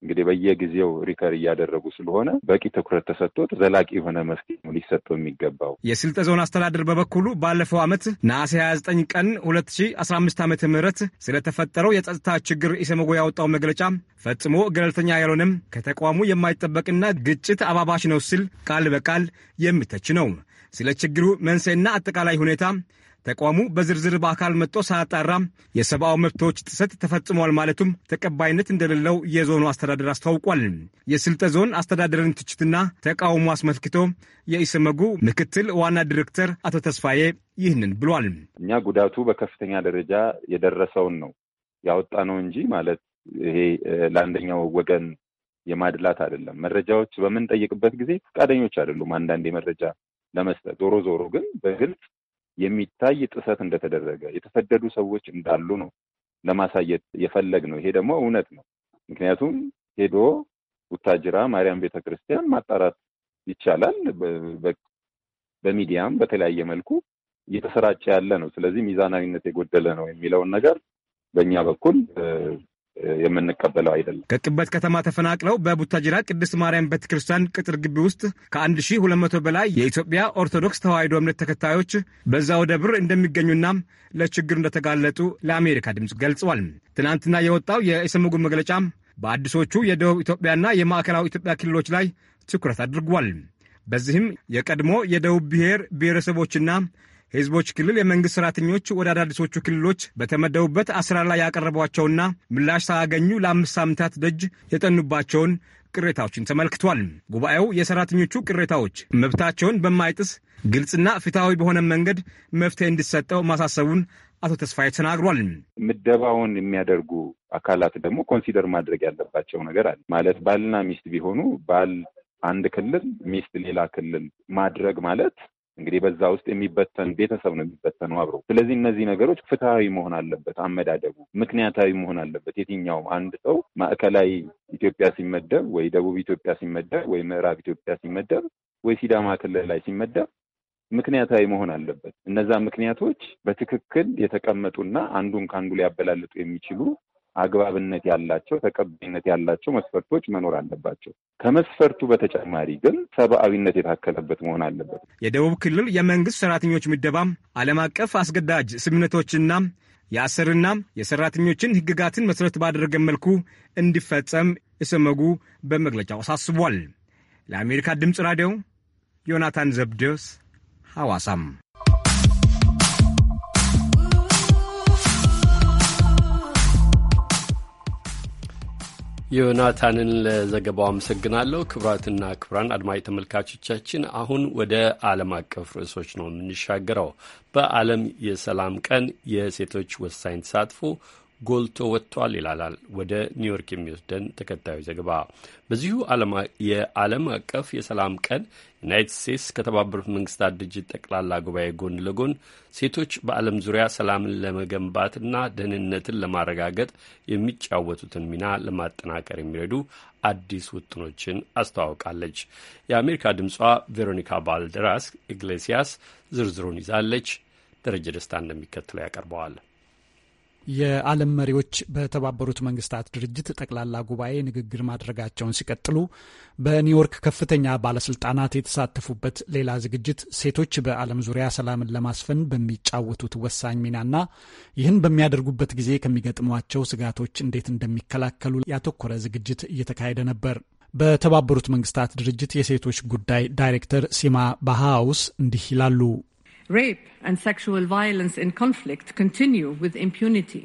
እንግዲህ በየጊዜው ሪከር እያደረጉ ስለሆነ በቂ ትኩረት ተሰጥቶት ዘላቂ የሆነ መፍትሄ ሊሰጠው የሚገባው። የስልጠ ዞን አስተዳደር በበኩሉ ባለፈው ዓመት ነሐሴ 29 ቀን 2015 ዓ ም ስለተፈጠረው የጸጥታ ችግር ኢሰመጎ ያወጣው መግለጫ ፈጽሞ ገለልተኛ ያልሆነም ከተቋሙ የማይጠበቅና ግጭት አባባሽ ነው ሲል ቃል በቃል የሚተች ነው። ስለ ችግሩ መንስኤና አጠቃላይ ሁኔታ ተቋሙ በዝርዝር በአካል መጥቶ ሳያጣራ የሰብአዊ መብቶች ጥሰት ተፈጽሟል ማለቱም ተቀባይነት እንደሌለው የዞኑ አስተዳደር አስታውቋል። የስልጠ ዞን አስተዳደርን ትችትና ተቃውሞ አስመልክቶ የኢሰመጉ ምክትል ዋና ዲሬክተር አቶ ተስፋዬ ይህንን ብሏል። እኛ ጉዳቱ በከፍተኛ ደረጃ የደረሰውን ነው ያወጣ ነው እንጂ ማለት ይሄ ለአንደኛው ወገን የማድላት አይደለም። መረጃዎች በምንጠይቅበት ጊዜ ፈቃደኞች አይደሉም አንዳንድ የመረጃ ለመስጠት ዞሮ ዞሮ ግን በግልጽ የሚታይ ጥሰት እንደተደረገ የተሰደዱ ሰዎች እንዳሉ ነው ለማሳየት የፈለግ ነው። ይሄ ደግሞ እውነት ነው። ምክንያቱም ሄዶ ቡታጅራ ማርያም ቤተክርስቲያን ማጣራት ይቻላል። በሚዲያም በተለያየ መልኩ እየተሰራጨ ያለ ነው። ስለዚህ ሚዛናዊነት የጎደለ ነው የሚለውን ነገር በእኛ በኩል የምንቀበለው አይደለም። ከቅበት ከተማ ተፈናቅለው በቡታጅራ ቅድስት ማርያም ቤተክርስቲያን ቅጥር ግቢ ውስጥ ከ1200 በላይ የኢትዮጵያ ኦርቶዶክስ ተዋሕዶ እምነት ተከታዮች በዛው ደብር እንደሚገኙና ለችግር እንደተጋለጡ ለአሜሪካ ድምፅ ገልጸዋል። ትናንትና የወጣው የኢሰመጉ መግለጫ በአዲሶቹ የደቡብ ኢትዮጵያና የማዕከላዊ ኢትዮጵያ ክልሎች ላይ ትኩረት አድርጓል። በዚህም የቀድሞ የደቡብ ብሔር ብሔረሰቦችና የህዝቦች ክልል የመንግስት ሰራተኞች ወደ አዳዲሶቹ ክልሎች በተመደቡበት አስራ ላይ ያቀረቧቸውና ምላሽ ሳያገኙ ለአምስት ሳምንታት ደጅ የጠኑባቸውን ቅሬታዎችን ተመልክቷል። ጉባኤው የሰራተኞቹ ቅሬታዎች መብታቸውን በማይጥስ ግልጽና ፍትሐዊ በሆነ መንገድ መፍትሄ እንዲሰጠው ማሳሰቡን አቶ ተስፋዬ ተናግሯል። ምደባውን የሚያደርጉ አካላት ደግሞ ኮንሲደር ማድረግ ያለባቸው ነገር አለ ማለት ባልና ሚስት ቢሆኑ ባል አንድ ክልል ሚስት ሌላ ክልል ማድረግ ማለት እንግዲህ በዛ ውስጥ የሚበተን ቤተሰብ ነው የሚበተነው አብሮ ስለዚህ እነዚህ ነገሮች ፍትሐዊ መሆን አለበት፣ አመዳደቡ ምክንያታዊ መሆን አለበት። የትኛውም አንድ ሰው ማዕከላዊ ኢትዮጵያ ሲመደብ ወይ ደቡብ ኢትዮጵያ ሲመደብ ወይ ምዕራብ ኢትዮጵያ ሲመደብ ወይ ሲዳማ ክልል ላይ ሲመደብ ምክንያታዊ መሆን አለበት። እነዛ ምክንያቶች በትክክል የተቀመጡና አንዱን ከአንዱ ሊያበላልጡ የሚችሉ አግባብነት ያላቸው ተቀባይነት ያላቸው መስፈርቶች መኖር አለባቸው። ከመስፈርቱ በተጨማሪ ግን ሰብአዊነት የታከለበት መሆን አለበት። የደቡብ ክልል የመንግስት ሰራተኞች ምደባ ዓለም አቀፍ አስገዳጅ ስምምነቶችና የአስርና የሰራተኞችን ህግጋትን መሰረት ባደረገ መልኩ እንዲፈጸም ኢሰመጉ በመግለጫው አሳስቧል። ለአሜሪካ ድምፅ ራዲዮ ዮናታን ዘብዴዎስ ሐዋሳም ዮናታንን ለዘገባው አመሰግናለሁ። ክቡራትና ክቡራን አድማጭ ተመልካቾቻችን አሁን ወደ ዓለም አቀፍ ርዕሶች ነው የምንሻገረው። በዓለም የሰላም ቀን የሴቶች ወሳኝ ተሳትፎ ጎልቶ ወጥቷል ይላላል ወደ ኒውዮርክ የሚወስደን ተከታዩ ዘገባ። በዚሁ የዓለም አቀፍ የሰላም ቀን ዩናይትድ ስቴትስ ከተባበሩት መንግስታት ድርጅት ጠቅላላ ጉባኤ ጎን ለጎን ሴቶች በዓለም ዙሪያ ሰላምን ለመገንባትና ደህንነትን ለማረጋገጥ የሚጫወቱትን ሚና ለማጠናከር የሚረዱ አዲስ ውጥኖችን አስተዋውቃለች። የአሜሪካ ድምጿ ቬሮኒካ ባልደራስ ኢግሌሲያስ ዝርዝሩን ይዛለች። ደረጀ ደስታ እንደሚከትለው ያቀርበዋል። የዓለም መሪዎች በተባበሩት መንግስታት ድርጅት ጠቅላላ ጉባኤ ንግግር ማድረጋቸውን ሲቀጥሉ በኒውዮርክ ከፍተኛ ባለስልጣናት የተሳተፉበት ሌላ ዝግጅት ሴቶች በዓለም ዙሪያ ሰላምን ለማስፈን በሚጫወቱት ወሳኝ ሚናና ይህን በሚያደርጉበት ጊዜ ከሚገጥሟቸው ስጋቶች እንዴት እንደሚከላከሉ ያተኮረ ዝግጅት እየተካሄደ ነበር። በተባበሩት መንግስታት ድርጅት የሴቶች ጉዳይ ዳይሬክተር ሲማ ባሃውስ እንዲህ ይላሉ። rape and sexual violence in conflict continue with impunity.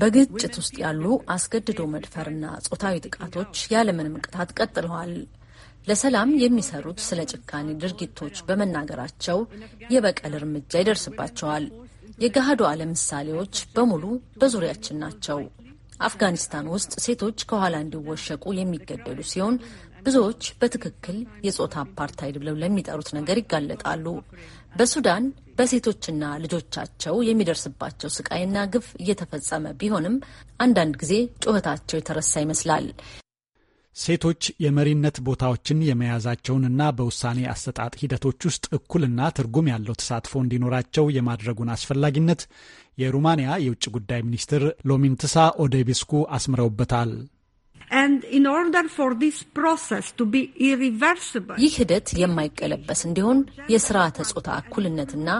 በግጭት ውስጥ ያሉ አስገድዶ መድፈርና ጾታዊ ጥቃቶች ያለምንም ቅጣት ቀጥለዋል። ለሰላም የሚሰሩት ስለ ጭካኔ ድርጊቶች በመናገራቸው የበቀል እርምጃ ይደርስባቸዋል። የገሃዱ ዓለም ምሳሌዎች በሙሉ በዙሪያችን ናቸው። አፍጋኒስታን ውስጥ ሴቶች ከኋላ እንዲወሸቁ የሚገደሉ ሲሆን ብዙዎች በትክክል የጾታ አፓርታይድ ብለው ለሚጠሩት ነገር ይጋለጣሉ። በሱዳን በሴቶችና ልጆቻቸው የሚደርስባቸው ስቃይና ግፍ እየተፈጸመ ቢሆንም አንዳንድ ጊዜ ጩኸታቸው የተረሳ ይመስላል። ሴቶች የመሪነት ቦታዎችን የመያዛቸውንና በውሳኔ አሰጣጥ ሂደቶች ውስጥ እኩልና ትርጉም ያለው ተሳትፎ እንዲኖራቸው የማድረጉን አስፈላጊነት የሩማንያ የውጭ ጉዳይ ሚኒስትር ሎሚንትሳ ኦዴቤስኩ አስምረውበታል። ይህ ሂደት የማይቀለበስ እንዲሆን የስርዓተ ጾታ እኩልነትና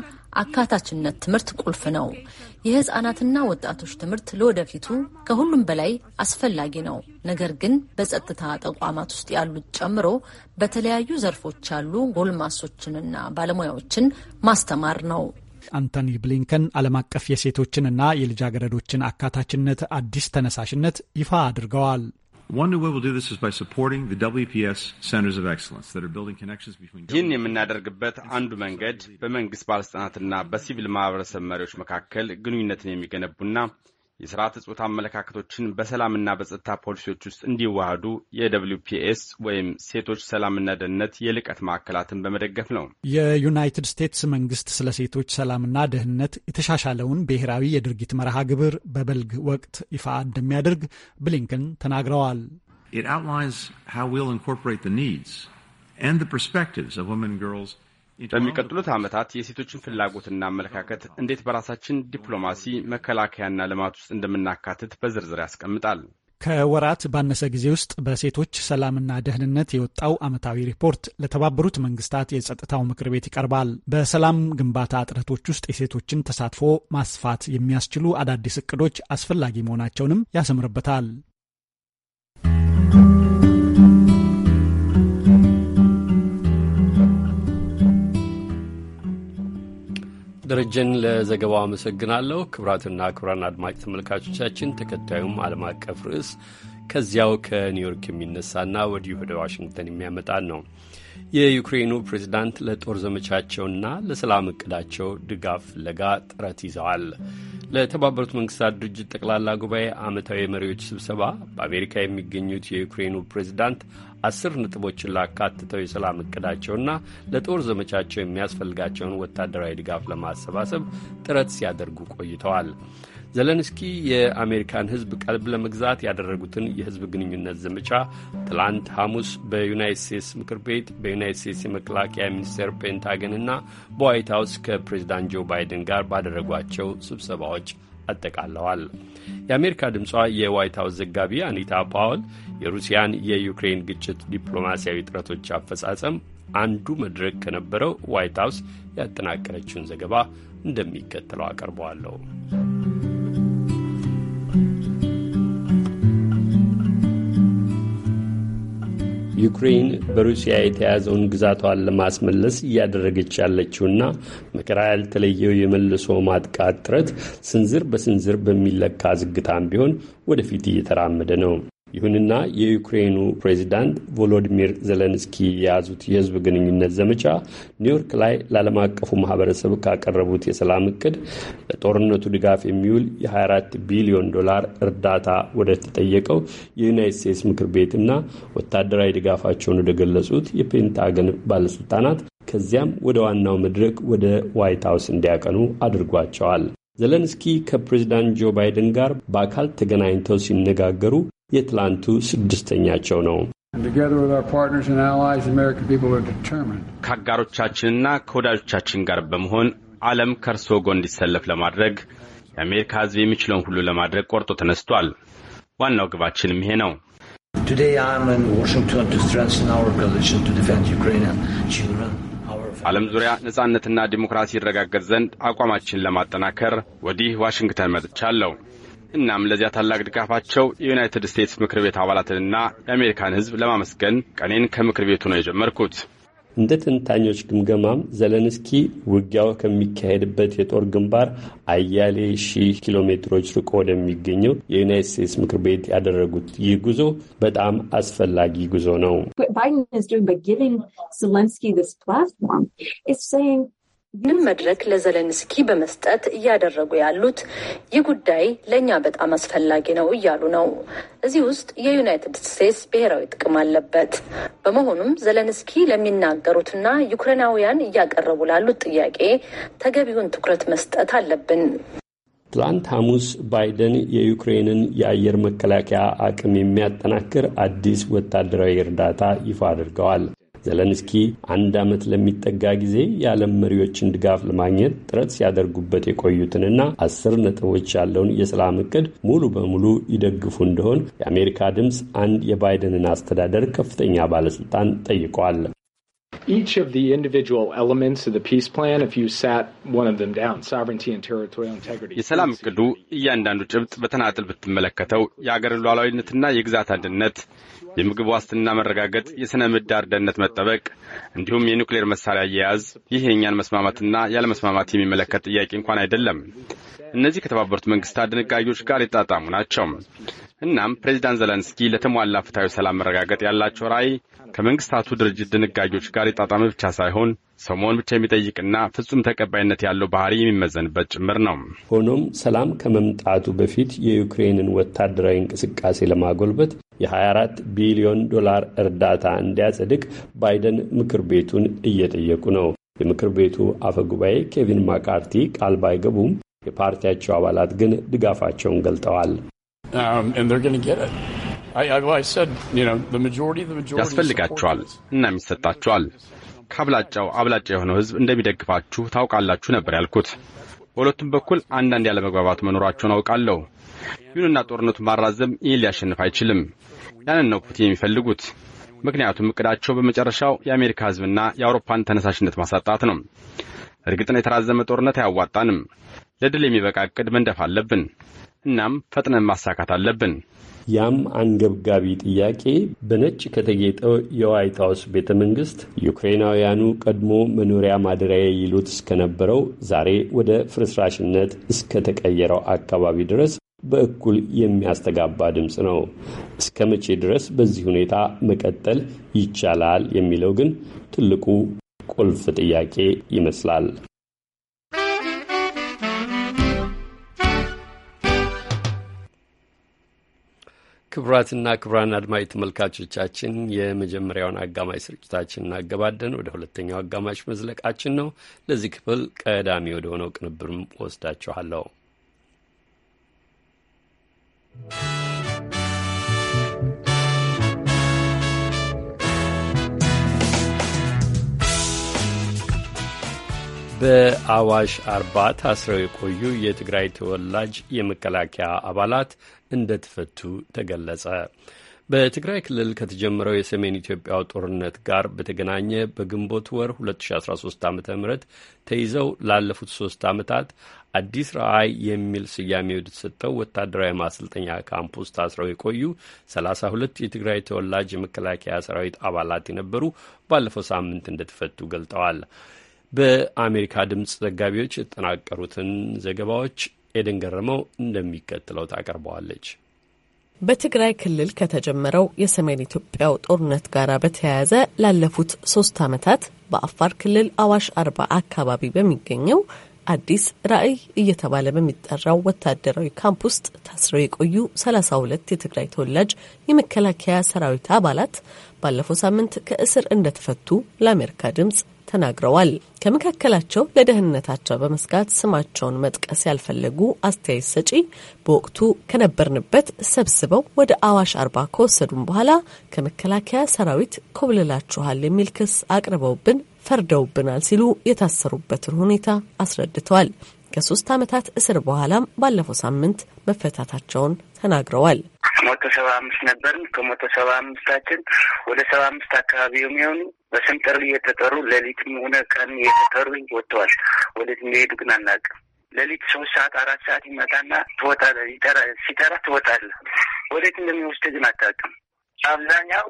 አካታችነት ትምህርት ቁልፍ ነው። የህፃናትና ወጣቶች ትምህርት ለወደፊቱ ከሁሉም በላይ አስፈላጊ ነው። ነገር ግን በጸጥታ ተቋማት ውስጥ ያሉት ጨምሮ በተለያዩ ዘርፎች ያሉ ጎልማሶችንና ባለሙያዎችን ማስተማር ነው። አንቶኒ ብሊንከን ዓለም አቀፍ የሴቶችንና የልጃገረዶችን አካታችነት አዲስ ተነሳሽነት ይፋ አድርገዋል። One new way we'll do this is by supporting the WPS centers of excellence that are building connections between ይህን የምናደርግበት አንዱ መንገድ በመንግስት ባለስልጣናትና በሲቪል ማህበረሰብ መሪዎች መካከል ግንኙነትን የሚገነቡና የስርዓተ ጾታ አመለካከቶችን በሰላምና በጸጥታ ፖሊሲዎች ውስጥ እንዲዋሃዱ ፒኤስ ወይም ሴቶች ሰላምና ደህንነት የልቀት ማዕከላትን በመደገፍ ነው። የዩናይትድ ስቴትስ መንግስት ስለ ሴቶች ሰላምና ደህንነት የተሻሻለውን ብሔራዊ የድርጊት መርሃ ግብር በበልግ ወቅት ይፋ እንደሚያደርግ ብሊንከን ተናግረዋል። It outlines how we'll incorporate the needs and the perspectives of women and girls በሚቀጥሉት ዓመታት የሴቶችን ፍላጎትና አመለካከት እንዴት በራሳችን ዲፕሎማሲ መከላከያና ልማት ውስጥ እንደምናካትት በዝርዝር ያስቀምጣል። ከወራት ባነሰ ጊዜ ውስጥ በሴቶች ሰላምና ደህንነት የወጣው ዓመታዊ ሪፖርት ለተባበሩት መንግስታት የጸጥታው ምክር ቤት ይቀርባል። በሰላም ግንባታ ጥረቶች ውስጥ የሴቶችን ተሳትፎ ማስፋት የሚያስችሉ አዳዲስ እቅዶች አስፈላጊ መሆናቸውንም ያሰምርበታል። ደረጀን ለዘገባው አመሰግናለሁ። ክቡራትና ክቡራን አድማጭ ተመልካቾቻችን ተከታዩም ዓለም አቀፍ ርዕስ ከዚያው ከኒውዮርክ የሚነሳና ወዲሁ ወደ ዋሽንግተን የሚያመጣን ነው። የዩክሬኑ ፕሬዝዳንት ለጦር ዘመቻቸውና ለሰላም እቅዳቸው ድጋፍ ፍለጋ ጥረት ይዘዋል። ለተባበሩት መንግስታት ድርጅት ጠቅላላ ጉባኤ ዓመታዊ የመሪዎች ስብሰባ በአሜሪካ የሚገኙት የዩክሬኑ ፕሬዝዳንት አስር ነጥቦችን ላካትተው የሰላም እቅዳቸውና ለጦር ዘመቻቸው የሚያስፈልጋቸውን ወታደራዊ ድጋፍ ለማሰባሰብ ጥረት ሲያደርጉ ቆይተዋል። ዘለንስኪ የአሜሪካን ሕዝብ ቀልብ ለመግዛት ያደረጉትን የሕዝብ ግንኙነት ዘመቻ ትላንት ሐሙስ በዩናይት ስቴትስ ምክር ቤት በዩናይት ስቴትስ የመከላከያ ሚኒስቴር ፔንታገንና በዋይት ሀውስ ከፕሬዚዳንት ጆ ባይደን ጋር ባደረጓቸው ስብሰባዎች አጠቃለዋል። የአሜሪካ ድምጿ የዋይት ሀውስ ዘጋቢ አኒታ ፓውል የሩሲያን የዩክሬን ግጭት ዲፕሎማሲያዊ ጥረቶች አፈጻጸም አንዱ መድረክ ከነበረው ዋይት ሀውስ ያጠናቀረችውን ዘገባ እንደሚከተለው አቀርበዋለሁ። ዩክሬን በሩሲያ የተያዘውን ግዛቷን ለማስመለስ እያደረገች ያለችውና መከራ ያልተለየው የመልሶ ማጥቃት ጥረት ስንዝር በስንዝር በሚለካ ዝግታም ቢሆን ወደፊት እየተራመደ ነው። ይሁንና የዩክሬኑ ፕሬዚዳንት ቮሎዲሚር ዘለንስኪ የያዙት የህዝብ ግንኙነት ዘመቻ ኒውዮርክ ላይ ለዓለም አቀፉ ማህበረሰብ ካቀረቡት የሰላም እቅድ ለጦርነቱ ድጋፍ የሚውል የ24 ቢሊዮን ዶላር እርዳታ ወደ ተጠየቀው የዩናይት ስቴትስ ምክር ቤትና ወታደራዊ ድጋፋቸውን ወደ ገለጹት የፔንታገን ባለስልጣናት ከዚያም ወደ ዋናው መድረክ ወደ ዋይት ሀውስ እንዲያቀኑ አድርጓቸዋል። ዘለንስኪ ከፕሬዚዳንት ጆ ባይደን ጋር በአካል ተገናኝተው ሲነጋገሩ የትላንቱ ስድስተኛቸው ነው። ከአጋሮቻችንና ከወዳጆቻችን ጋር በመሆን ዓለም ከእርስዎ ጎን እንዲሰለፍ ለማድረግ የአሜሪካ ሕዝብ የሚችለውን ሁሉ ለማድረግ ቆርጦ ተነስቷል። ዋናው ግባችንም ይሄ ነው። ዓለም ዙሪያ ነጻነትና ዲሞክራሲ ይረጋገጥ ዘንድ አቋማችን ለማጠናከር ወዲህ ዋሽንግተን መጥቻለሁ። እናም ለዚያ ታላቅ ድጋፋቸው የዩናይትድ ስቴትስ ምክር ቤት አባላትንና የአሜሪካን ሕዝብ ለማመስገን ቀኔን ከምክር ቤቱ ነው የጀመርኩት። እንደ ተንታኞች ግምገማም ዘለንስኪ ውጊያው ከሚካሄድበት የጦር ግንባር አያሌ ሺህ ኪሎ ሜትሮች ርቆ ወደሚገኘው የዩናይት ስቴትስ ምክር ቤት ያደረጉት ይህ ጉዞ በጣም አስፈላጊ ጉዞ ነው። ይህን መድረክ ለዘለንስኪ በመስጠት እያደረጉ ያሉት ይህ ጉዳይ ለእኛ በጣም አስፈላጊ ነው እያሉ ነው። እዚህ ውስጥ የዩናይትድ ስቴትስ ብሔራዊ ጥቅም አለበት። በመሆኑም ዘለንስኪ ለሚናገሩትና ዩክሬናውያን እያቀረቡ ላሉት ጥያቄ ተገቢውን ትኩረት መስጠት አለብን። ትላንት ሐሙስ ባይደን የዩክሬንን የአየር መከላከያ አቅም የሚያጠናክር አዲስ ወታደራዊ እርዳታ ይፋ አድርገዋል። ዘለንስኪ አንድ ዓመት ለሚጠጋ ጊዜ የዓለም መሪዎችን ድጋፍ ለማግኘት ጥረት ሲያደርጉበት የቆዩትንና አስር ነጥቦች ያለውን የሰላም እቅድ ሙሉ በሙሉ ይደግፉ እንደሆን የአሜሪካ ድምፅ አንድ የባይደንን አስተዳደር ከፍተኛ ባለስልጣን ጠይቋል። Each of the individual elements of the peace plan, if you sat one of them down, sovereignty and territorial integrity. የሰላም እቅዱ እያንዳንዱ ጭብጥ በተናጥል ብትመለከተው የአገር ሉዓላዊነትና የግዛት አንድነት የምግብ ዋስትና መረጋገጥ፣ የሥነ ምህዳር ደህንነት መጠበቅ እንዲሁም የኒውክሌር መሳሪያ አያያዝ ይህ የእኛን መስማማትና ያለመስማማት የሚመለከት ጥያቄ እንኳን አይደለም። እነዚህ ከተባበሩት መንግስታት ድንጋጌዎች ጋር የጣጣሙ ናቸው። እናም ፕሬዚዳንት ዘለንስኪ ለተሟላ ፍትሐዊ ሰላም መረጋገጥ ያላቸው ራዕይ ከመንግስታቱ ድርጅት ድንጋጌዎች ጋር የጣጣመ ብቻ ሳይሆን ሰሞን ብቻ የሚጠይቅና ፍጹም ተቀባይነት ያለው ባህሪ የሚመዘንበት ጭምር ነው። ሆኖም ሰላም ከመምጣቱ በፊት የዩክሬንን ወታደራዊ እንቅስቃሴ ለማጎልበት የ24 ቢሊዮን ዶላር እርዳታ እንዲያጸድቅ ባይደን ምክር ቤቱን እየጠየቁ ነው። የምክር ቤቱ አፈ ጉባኤ ኬቪን ማካርቲ ቃል ባይገቡም የፓርቲያቸው አባላት ግን ድጋፋቸውን ገልጠዋል። um, ያስፈልጋቸዋል እናም ይሰጣቸዋል። ከአብላጫው አብላጫ የሆነው ህዝብ እንደሚደግፋችሁ ታውቃላችሁ ነበር ያልኩት። በሁለቱም በኩል አንዳንድ ያለመግባባት መኖራቸውን አውቃለሁ። ይሁንና ጦርነቱን ማራዘም ይህን ሊያሸንፍ አይችልም። ያንን ነው ፑቲን የሚፈልጉት። ምክንያቱም እቅዳቸው በመጨረሻው የአሜሪካ ህዝብና የአውሮፓን ተነሳሽነት ማሳጣት ነው። እርግጥ የተራዘመ ጦርነት አያዋጣንም። ለድል የሚበቃ እቅድ መንደፍ አለብን። እናም ፈጥነን ማሳካት አለብን። ያም አንገብጋቢ ጥያቄ በነጭ ከተጌጠው የዋይት ሀውስ ቤተ መንግስት ዩክሬናውያኑ ቀድሞ መኖሪያ ማደሪያ ይሉት እስከነበረው ዛሬ ወደ ፍርስራሽነት እስከተቀየረው አካባቢ ድረስ በእኩል የሚያስተጋባ ድምፅ ነው። እስከ መቼ ድረስ በዚህ ሁኔታ መቀጠል ይቻላል የሚለው ግን ትልቁ ቁልፍ ጥያቄ ይመስላል። ክቡራትና ክቡራን አድማጭ ተመልካቾቻችን የመጀመሪያውን አጋማሽ ስርጭታችን እናገባደን ወደ ሁለተኛው አጋማሽ መዝለቃችን ነው። ለዚህ ክፍል ቀዳሚ ወደ ሆነው ቅንብርም ወስዳችኋለሁ። በአዋሽ አርባ ታስረው የቆዩ የትግራይ ተወላጅ የመከላከያ አባላት እንደተፈቱ ተገለጸ። በትግራይ ክልል ከተጀመረው የሰሜን ኢትዮጵያው ጦርነት ጋር በተገናኘ በግንቦት ወር 2013 ዓ ም ተይዘው ላለፉት ሶስት ዓመታት አዲስ ረአይ የሚል ስያሜ ወደተሰጠው ወታደራዊ ማሰልጠኛ ካምፕ ውስጥ ታስረው የቆዩ 32 የትግራይ ተወላጅ የመከላከያ ሰራዊት አባላት የነበሩ ባለፈው ሳምንት እንደተፈቱ ገልጠዋል። በአሜሪካ ድምፅ ዘጋቢዎች የተጠናቀሩትን ዘገባዎች ኤደን ገረመው እንደሚከተለው ታቀርበዋለች። በትግራይ ክልል ከተጀመረው የሰሜን ኢትዮጵያው ጦርነት ጋር በተያያዘ ላለፉት ሶስት ዓመታት በአፋር ክልል አዋሽ አርባ አካባቢ በሚገኘው አዲስ ራዕይ እየተባለ በሚጠራው ወታደራዊ ካምፕ ውስጥ ታስረው የቆዩ 32 የትግራይ ተወላጅ የመከላከያ ሰራዊት አባላት ባለፈው ሳምንት ከእስር እንደተፈቱ ለአሜሪካ ድምፅ ተናግረዋል። ከመካከላቸው ለደህንነታቸው በመስጋት ስማቸውን መጥቀስ ያልፈለጉ አስተያየት ሰጪ በወቅቱ ከነበርንበት ሰብስበው ወደ አዋሽ አርባ ከወሰዱን በኋላ ከመከላከያ ሰራዊት ኮብልላችኋል የሚል ክስ አቅርበውብን ፈርደውብናል ሲሉ የታሰሩበትን ሁኔታ አስረድተዋል። ከሶስት ዓመታት እስር በኋላም ባለፈው ሳምንት መፈታታቸውን ተናግረዋል። ሞቶ ሰባ አምስት ነበርን። ከሞቶ ሰባ አምስታችን ወደ ሰባ አምስት አካባቢ የሚሆኑ በስንጥር እየተጠሩ ሌሊትም ሆነ ቀን እየተጠሩ ወጥተዋል። ወዴት እንደሄዱ ግን አናውቅም። ሌሊት ሶስት ሰዓት አራት ሰዓት ይመጣና ትወጣለህ። ሲጠራ ትወጣለ። ወዴት እንደሚወስድ ግን አታውቅም። አብዛኛው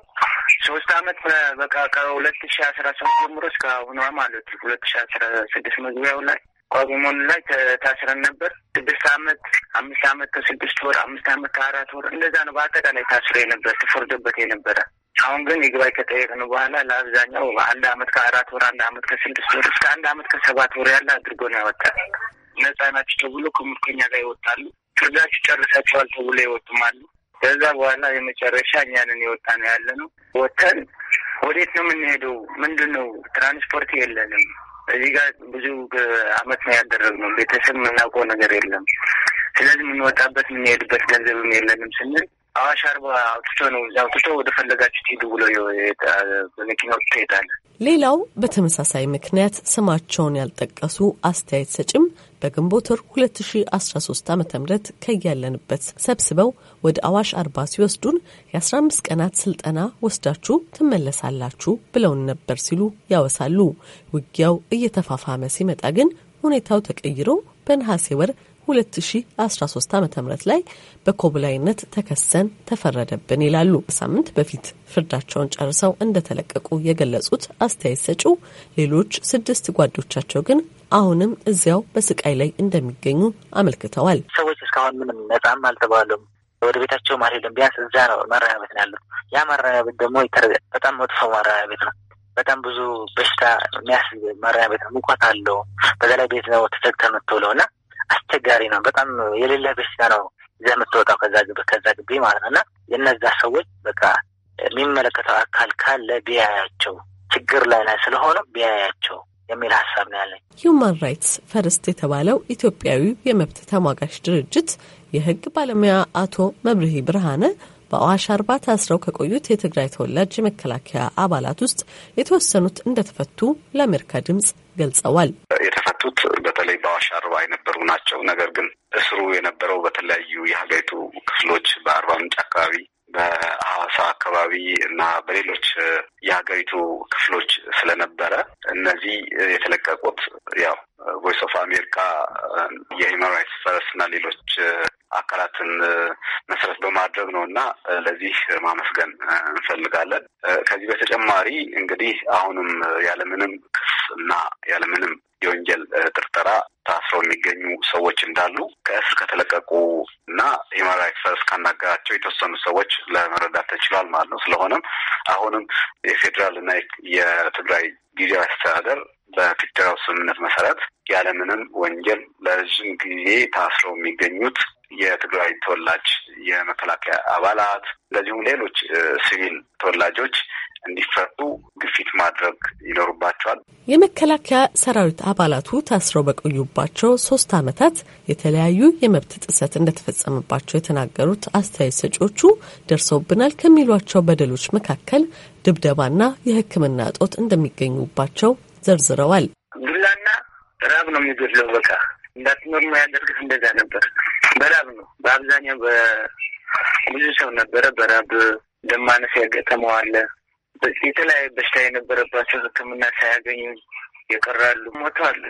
ሶስት አመት በቃ ከሁለት ሺ አስራ ሶስት ጀምሮ እስከ አሁኗ ማለት ሁለት ሺ አስራ ስድስት መግቢያው ላይ ቋቁሞን ላይ ታስረን ነበር። ስድስት አመት አምስት አመት ከስድስት ወር አምስት አመት ከአራት ወር እንደዛ ነው። በአጠቃላይ ታስሮ የነበረ ተፈርዶበት የነበረ አሁን ግን ይግባኝ ከጠየቅን በኋላ ለአብዛኛው አንድ አመት ከአራት ወር አንድ አመት ከስድስት ወር እስከ አንድ አመት ከሰባት ወር ያለ አድርጎ ነው ያወጣል። ነጻ ናቸው ተብሎ ከምርኮኛ ጋር ይወጣሉ። ፍርዳችሁ ጨርሳችኋል ተብሎ ይወጡማሉ። ከዛ በኋላ የመጨረሻ እኛንን የወጣ ነው ያለ ነው። ወተን ወዴት ነው የምንሄደው? ምንድን ነው ትራንስፖርት የለንም። እዚህ ጋር ብዙ አመት ነው ያደረግነው። ቤተሰብ የምናውቀው ነገር የለም። ስለዚህ የምንወጣበት የምንሄድበት ገንዘብም የለንም ስንል አዋሽ አርባ አውጥቶ ነው አውጥቶ ወደ ፈለጋችሁ ሂዱ ብሎ መኪና ውስጥ ሌላው በተመሳሳይ ምክንያት ስማቸውን ያልጠቀሱ አስተያየት ሰጭም በግንቦት ወር 2013 ዓ ም ከያለንበት ሰብስበው ወደ አዋሽ አርባ ሲወስዱን የ15 ቀናት ስልጠና ወስዳችሁ ትመለሳላችሁ ብለውን ነበር ሲሉ ያወሳሉ። ውጊያው እየተፋፋመ ሲመጣ ግን ሁኔታው ተቀይሮ በነሐሴ ወር 2013 ዓ ም ላይ በኮብላይነት ተከሰን ተፈረደብን ይላሉ። ሳምንት በፊት ፍርዳቸውን ጨርሰው እንደተለቀቁ የገለጹት አስተያየት ሰጪው ሌሎች ስድስት ጓዶቻቸው ግን አሁንም እዚያው በስቃይ ላይ እንደሚገኙ አመልክተዋል። ሰዎች እስካሁን ምንም ነጻም አልተባሉም። ወደ ቤታቸው አልሄዱም። ቢያንስ እዚያ ነው ማረሚያ ቤት ነው ያሉት። ያ ማረሚያ ቤት ደግሞ በጣም መጥፎ ማረሚያ ቤት ነው። በጣም ብዙ በሽታ የሚያስ ማረሚያ ቤት ነው። ሙቀት አለው። በዛ ላይ ቤት ነው ተዘግተህ የምትውለው እና አስቸጋሪ ነው። በጣም የሌለ በሽታ ነው ይዘህ የምትወጣው ከዛ ግቢ ከዛ ግቢ ማለት ነው እና የነዛ ሰዎች በቃ የሚመለከተው አካል ካለ ቢያያቸው ችግር ላይ ላይ ስለሆነ ቢያያቸው የሚል ሀሳብ ነው ያለኝ። ሂዩማን ራይትስ ፈርስት የተባለው ኢትዮጵያዊ የመብት ተሟጋች ድርጅት የህግ ባለሙያ አቶ መብርሂ ብርሃነ በአዋሽ አርባ ታስረው ከቆዩት የትግራይ ተወላጅ የመከላከያ አባላት ውስጥ የተወሰኑት እንደተፈቱ ለአሜሪካ ድምጽ ገልጸዋል። የተፈቱት በተለይ በአዋሽ አርባ የነበሩ ናቸው። ነገር ግን እስሩ የነበረው በተለያዩ የሀገሪቱ ክፍሎች በአርባ ምንጭ አካባቢ በሐዋሳ አካባቢ እና በሌሎች የሀገሪቱ ክፍሎች ስለነበረ እነዚህ የተለቀቁት ያው ቮይስ ኦፍ አሜሪካ የሂውማን ራይትስ ፈረስ እና ሌሎች አካላትን መሰረት በማድረግ ነው እና ለዚህ ማመስገን እንፈልጋለን። ከዚህ በተጨማሪ እንግዲህ አሁንም ያለምንም እና ያለምንም የወንጀል ጥርጠራ ታስረው የሚገኙ ሰዎች እንዳሉ ከእስር ከተለቀቁ እና ሂውማን ራይትስ ፈርስት ካናገራቸው የተወሰኑ ሰዎች ለመረዳት ተችሏል ማለት ነው። ስለሆነም አሁንም የፌዴራል እና የትግራይ ጊዜያዊ አስተዳደር በፊደራል ስምምነት መሰረት ያለምንም ወንጀል ለረዥም ጊዜ ታስረው የሚገኙት የትግራይ ተወላጅ የመከላከያ አባላት እንደዚሁም ሌሎች ሲቪል ተወላጆች እንዲፈቱ ግፊት ማድረግ ይኖርባቸዋል። የመከላከያ ሰራዊት አባላቱ ታስረው በቆዩባቸው ሶስት ዓመታት የተለያዩ የመብት ጥሰት እንደተፈጸመባቸው የተናገሩት አስተያየት ሰጪዎቹ ደርሰውብናል ከሚሏቸው በደሎች መካከል ድብደባና የሕክምና እጦት እንደሚገኙባቸው ዘርዝረዋል። ዱላና ራብ ነው የሚገድለው። በቃ እንዳትኖር የሚያደርግህ እንደዛ ነበር። በራብ ነው በአብዛኛው ብዙ ሰው ነበረ በራብ ደማነስ ያገጠመዋለ የተለያዩ በሽታ የነበረባቸው ሕክምና ሳያገኙ የቀራሉ ሞተዋል።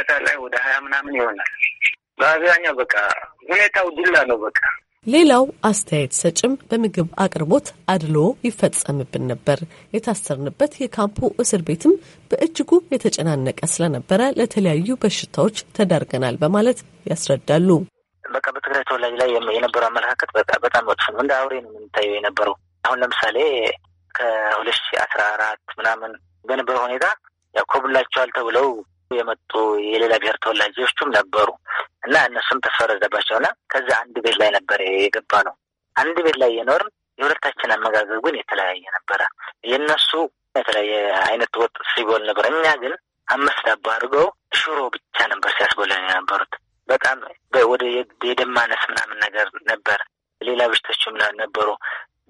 አጠቃላይ ወደ ሀያ ምናምን ይሆናል። በአብዛኛው በቃ ሁኔታው ዱላ ነው በቃ ሌላው አስተያየት ሰጭም በምግብ አቅርቦት አድሎ ይፈጸምብን ነበር። የታሰርንበት የካምፑ እስር ቤትም በእጅጉ የተጨናነቀ ስለነበረ ለተለያዩ በሽታዎች ተዳርገናል በማለት ያስረዳሉ። በቃ በትግራይ ተወላጅ ላይ የነበረው አመለካከት በጣም መጥፎ ነው። እንደ አውሬ ነው የምንታየው የነበረው። አሁን ለምሳሌ ከሁለት ሺ አስራ አራት ምናምን በነበረ ሁኔታ ያው ኮብላቸዋል ተብለው የመጡ የሌላ ብሔር ተወላጆቹም ነበሩ እና እነሱም ተፈረደባቸው እና ከዛ አንድ ቤት ላይ ነበር የገባ ነው። አንድ ቤት ላይ የኖርን የሁለታችን አመጋገብ ግን የተለያየ ነበረ። የእነሱ የተለያየ አይነት ወጥ ሲበሉ ነበር። እኛ ግን አምስት ዳቦ አድርገው ሽሮ ብቻ ነበር ሲያስበሉን የነበሩት። በጣም ወደ የደማነስ ምናምን ነገር ነበር። ሌላ በሽታዎችም ነበሩ።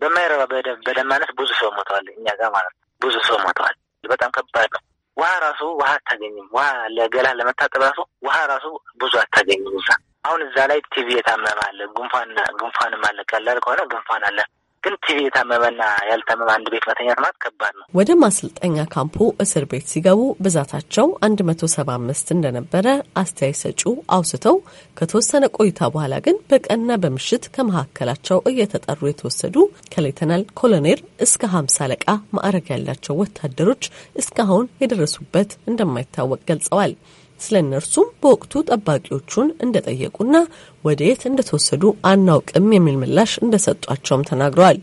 በማይረባ በደም ማነስ ብዙ ሰው ሞተዋል። እኛ ጋር ማለት ነው ብዙ ሰው ሞተዋል። በጣም ከባድ ነው። ውሃ ራሱ ውሃ አታገኝም። ውሃ ለገላ ለመታጠብ ራሱ ውሃ ራሱ ብዙ አታገኝም እዛ አሁን እዛ ላይ ቲቪ የታመመ አለ፣ ጉንፋን ጉንፋንም አለ። ቀላል ከሆነ ጉንፋን አለ። ግን ቲቪ የታመመና ያልታመመ አንድ ቤት መተኛት ማለት ከባድ ነው። ወደ ማሰልጠኛ ካምፑ እስር ቤት ሲገቡ ብዛታቸው አንድ መቶ ሰባ አምስት እንደነበረ አስተያየት ሰጩ አውስተው ከተወሰነ ቆይታ በኋላ ግን በቀንና በምሽት ከመካከላቸው እየተጠሩ የተወሰዱ ከሌተናል ኮሎኔል እስከ ሀምሳ አለቃ ማዕረግ ያላቸው ወታደሮች እስካሁን የደረሱበት እንደማይታወቅ ገልጸዋል። ስለ እነርሱም በወቅቱ ጠባቂዎቹን እንደጠየቁና ወደየት እንደተወሰዱ አናውቅም የሚል ምላሽ እንደሰጧቸውም ተናግረዋል።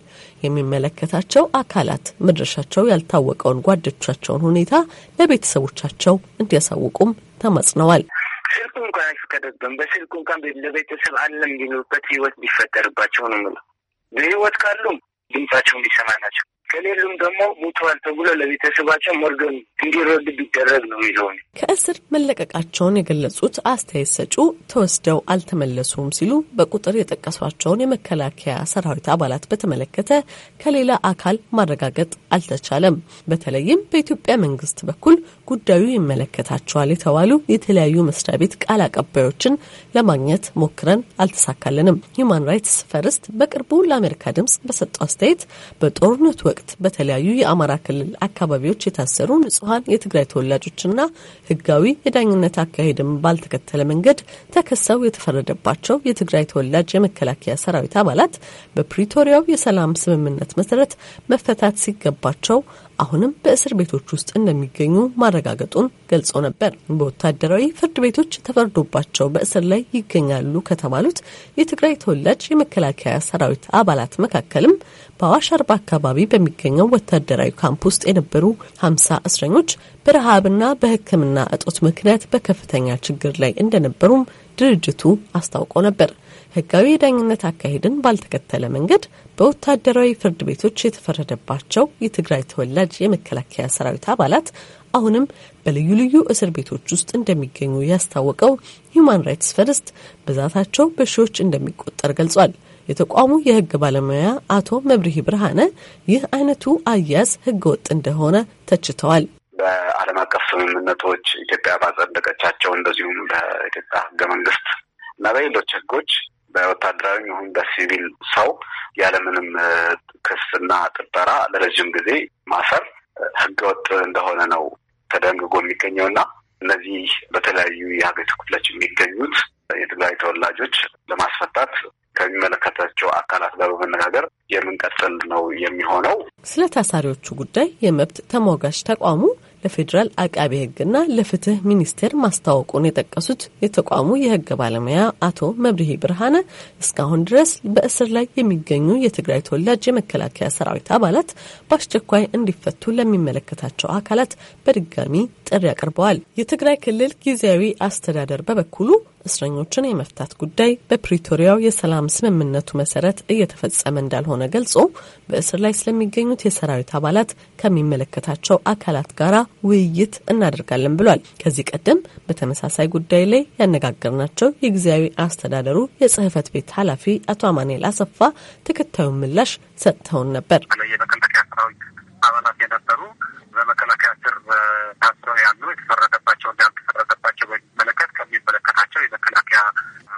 የሚመለከታቸው አካላት መድረሻቸው ያልታወቀውን ጓደቻቸውን ሁኔታ ለቤተሰቦቻቸው እንዲያሳውቁም ተማጽነዋል። ስልኩ እንኳን አይፈቀደብም። በስልኩ እንኳን ለቤተሰብ አለም እንዲኖሩበት ህይወት ቢፈጠርባቸው ነው ምለው በህይወት ካሉም ድምጻቸው እንዲሰማ ናቸው ከሌሉም ደግሞ ሙተዋል ተብሎ ለቤተሰባቸው ሞርገን እንዲረዱ ቢደረግ ነው ይዘው ከእስር መለቀቃቸውን የገለጹት አስተያየት ሰጩ ተወስደው አልተመለሱም ሲሉ በቁጥር የጠቀሷቸውን የመከላከያ ሰራዊት አባላት በተመለከተ ከሌላ አካል ማረጋገጥ አልተቻለም። በተለይም በኢትዮጵያ መንግስት በኩል ጉዳዩ ይመለከታቸዋል የተባሉ የተለያዩ መስሪያ ቤት ቃል አቀባዮችን ለማግኘት ሞክረን አልተሳካልንም። ሂዩማን ራይትስ ፈርስት በቅርቡ ለአሜሪካ ድምጽ በሰጠው አስተያየት በጦርነት ወቅት በተለያዩ የአማራ ክልል አካባቢዎች የታሰሩ ንጹሐን ብዙሀን የትግራይ ተወላጆችና ህጋዊ የዳኝነት አካሄድም ባልተከተለ መንገድ ተከሰው የተፈረደባቸው የትግራይ ተወላጅ የመከላከያ ሰራዊት አባላት በፕሪቶሪያው የሰላም ስምምነት መሰረት መፈታት ሲገባቸው አሁንም በእስር ቤቶች ውስጥ እንደሚገኙ ማረጋገጡን ገልጾ ነበር። በወታደራዊ ፍርድ ቤቶች ተፈርዶባቸው በእስር ላይ ይገኛሉ ከተባሉት የትግራይ ተወላጅ የመከላከያ ሰራዊት አባላት መካከልም በአዋሽ አርባ አካባቢ በሚገኘው ወታደራዊ ካምፕ ውስጥ የነበሩ ሀምሳ እስረኞች በረሃብና በሕክምና እጦት ምክንያት በከፍተኛ ችግር ላይ እንደነበሩም ድርጅቱ አስታውቆ ነበር። ህጋዊ የዳኝነት አካሄድን ባልተከተለ መንገድ በወታደራዊ ፍርድ ቤቶች የተፈረደባቸው የትግራይ ተወላጅ የመከላከያ ሰራዊት አባላት አሁንም በልዩ ልዩ እስር ቤቶች ውስጥ እንደሚገኙ ያስታወቀው ሂዩማን ራይትስ ፈርስት ብዛታቸው በሺዎች እንደሚቆጠር ገልጿል። የተቋሙ የህግ ባለሙያ አቶ መብርሂ ብርሃነ ይህ አይነቱ አያያዝ ህገ ወጥ እንደሆነ ተችተዋል። በዓለም አቀፍ ስምምነቶች ኢትዮጵያ ባጸደቀቻቸው እንደዚሁም በኢትዮጵያ ህገ መንግስት እና በሌሎች ህጎች በወታደራዊ ይሁን በሲቪል ሰው ያለምንም ክስና ጥበራ ለረዥም ጊዜ ማሰር ህገወጥ ወጥ እንደሆነ ነው ተደንግጎ የሚገኘው እና እነዚህ በተለያዩ የሀገሪቱ ክፍሎች የሚገኙት የትግራይ ተወላጆች ለማስፈታት ከሚመለከታቸው አካላት ጋር በመነጋገር የምንቀጥል ነው የሚሆነው። ስለ ታሳሪዎቹ ጉዳይ የመብት ተሟጋች ተቋሙ ለፌዴራል አቃቤ ሕግና ለፍትህ ሚኒስቴር ማስታወቁን የጠቀሱት የተቋሙ የህግ ባለሙያ አቶ መብርሄ ብርሃነ እስካሁን ድረስ በእስር ላይ የሚገኙ የትግራይ ተወላጅ የመከላከያ ሰራዊት አባላት በአስቸኳይ እንዲፈቱ ለሚመለከታቸው አካላት በድጋሚ ጥሪ አቅርበዋል። የትግራይ ክልል ጊዜያዊ አስተዳደር በበኩሉ እስረኞችን የመፍታት ጉዳይ በፕሪቶሪያው የሰላም ስምምነቱ መሰረት እየተፈጸመ እንዳልሆነ ገልጾ በእስር ላይ ስለሚገኙት የሰራዊት አባላት ከሚመለከታቸው አካላት ጋር ውይይት እናደርጋለን ብሏል። ከዚህ ቀደም በተመሳሳይ ጉዳይ ላይ ያነጋገርናቸው የጊዜያዊ አስተዳደሩ የጽህፈት ቤት ኃላፊ አቶ አማኑኤል አሰፋ ተከታዩን ምላሽ ሰጥተውን ነበር። አባላት የነበሩ በመከላከያ ስር ታስረው ያሉ የተፈረደባቸው እንዳልተፈረደ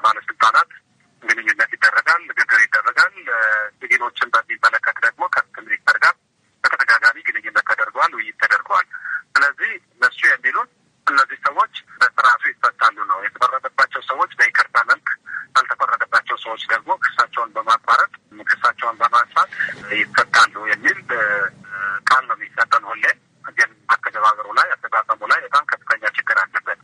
ባለስልጣናት ግንኙነት ይደረጋል፣ ንግግር ይደረጋል። ሲቪሎችን በሚመለከት ደግሞ ሚኒስተር ጋር በተደጋጋሚ ግንኙነት ተደርገዋል፣ ውይይት ተደርገዋል። ስለዚህ እነሱ የሚሉት እነዚህ ሰዎች በስርዓቱ ይፈታሉ ነው። የተፈረደባቸው ሰዎች በይቅርታ መልክ፣ ያልተፈረደባቸው ሰዎች ደግሞ ክሳቸውን በማቋረጥ ክሳቸውን በማንሳት ይፈታሉ የሚል ቃል ነው የሚሰጠን። ሁሌ ግን አተገባበሩ ላይ አተጣጠሙ ላይ በጣም ከፍተኛ ችግር አለበት።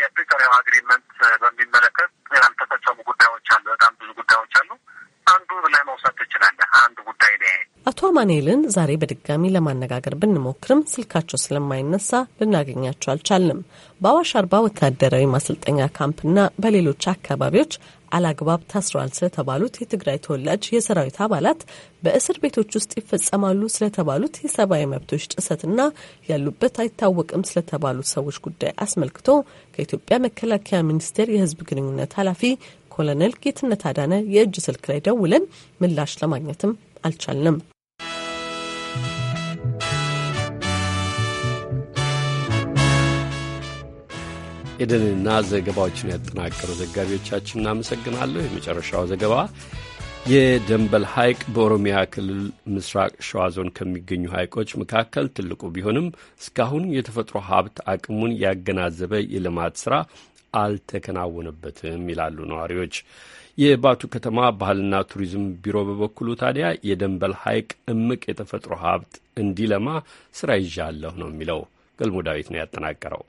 የፕሪቶሪያ አግሪመንት በሚመለከት ያልተፈጸሙ ጉዳዮች አሉ። በጣም ብዙ ጉዳዮች አሉ። አንዱ ላይ መውሰድ ትችላለህ። አንዱ ጉዳይ ነ አቶ አማኑኤልን ዛሬ በድጋሚ ለማነጋገር ብንሞክርም ስልካቸው ስለማይነሳ ልናገኛቸው አልቻልንም። በአዋሽ አርባ ወታደራዊ ማሰልጠኛ ካምፕና በሌሎች አካባቢዎች አላግባብ ታስረዋል ስለተባሉት የትግራይ ተወላጅ የሰራዊት አባላት በእስር ቤቶች ውስጥ ይፈጸማሉ ስለተባሉት የሰብአዊ መብቶች ጥሰትና ያሉበት አይታወቅም ስለተባሉት ሰዎች ጉዳይ አስመልክቶ ከኢትዮጵያ መከላከያ ሚኒስቴር የሕዝብ ግንኙነት ኃላፊ ኮሎኔል ጌትነት አዳነ የእጅ ስልክ ላይ ደውለን ምላሽ ለማግኘትም አልቻልንም። ኤደንና ዘገባዎችን ያጠናቀሩ ዘጋቢዎቻችን እናመሰግናለሁ። የመጨረሻው ዘገባ የደንበል ሐይቅ በኦሮሚያ ክልል ምስራቅ ሸዋ ዞን ከሚገኙ ሐይቆች መካከል ትልቁ ቢሆንም እስካሁን የተፈጥሮ ሀብት አቅሙን ያገናዘበ የልማት ስራ አልተከናወነበትም ይላሉ ነዋሪዎች። የባቱ ከተማ ባህልና ቱሪዝም ቢሮ በበኩሉ ታዲያ የደንበል ሐይቅ እምቅ የተፈጥሮ ሀብት እንዲለማ ስራ ይዣለሁ ነው የሚለው። ገልሞ ዳዊት ነው ያጠናቀረው።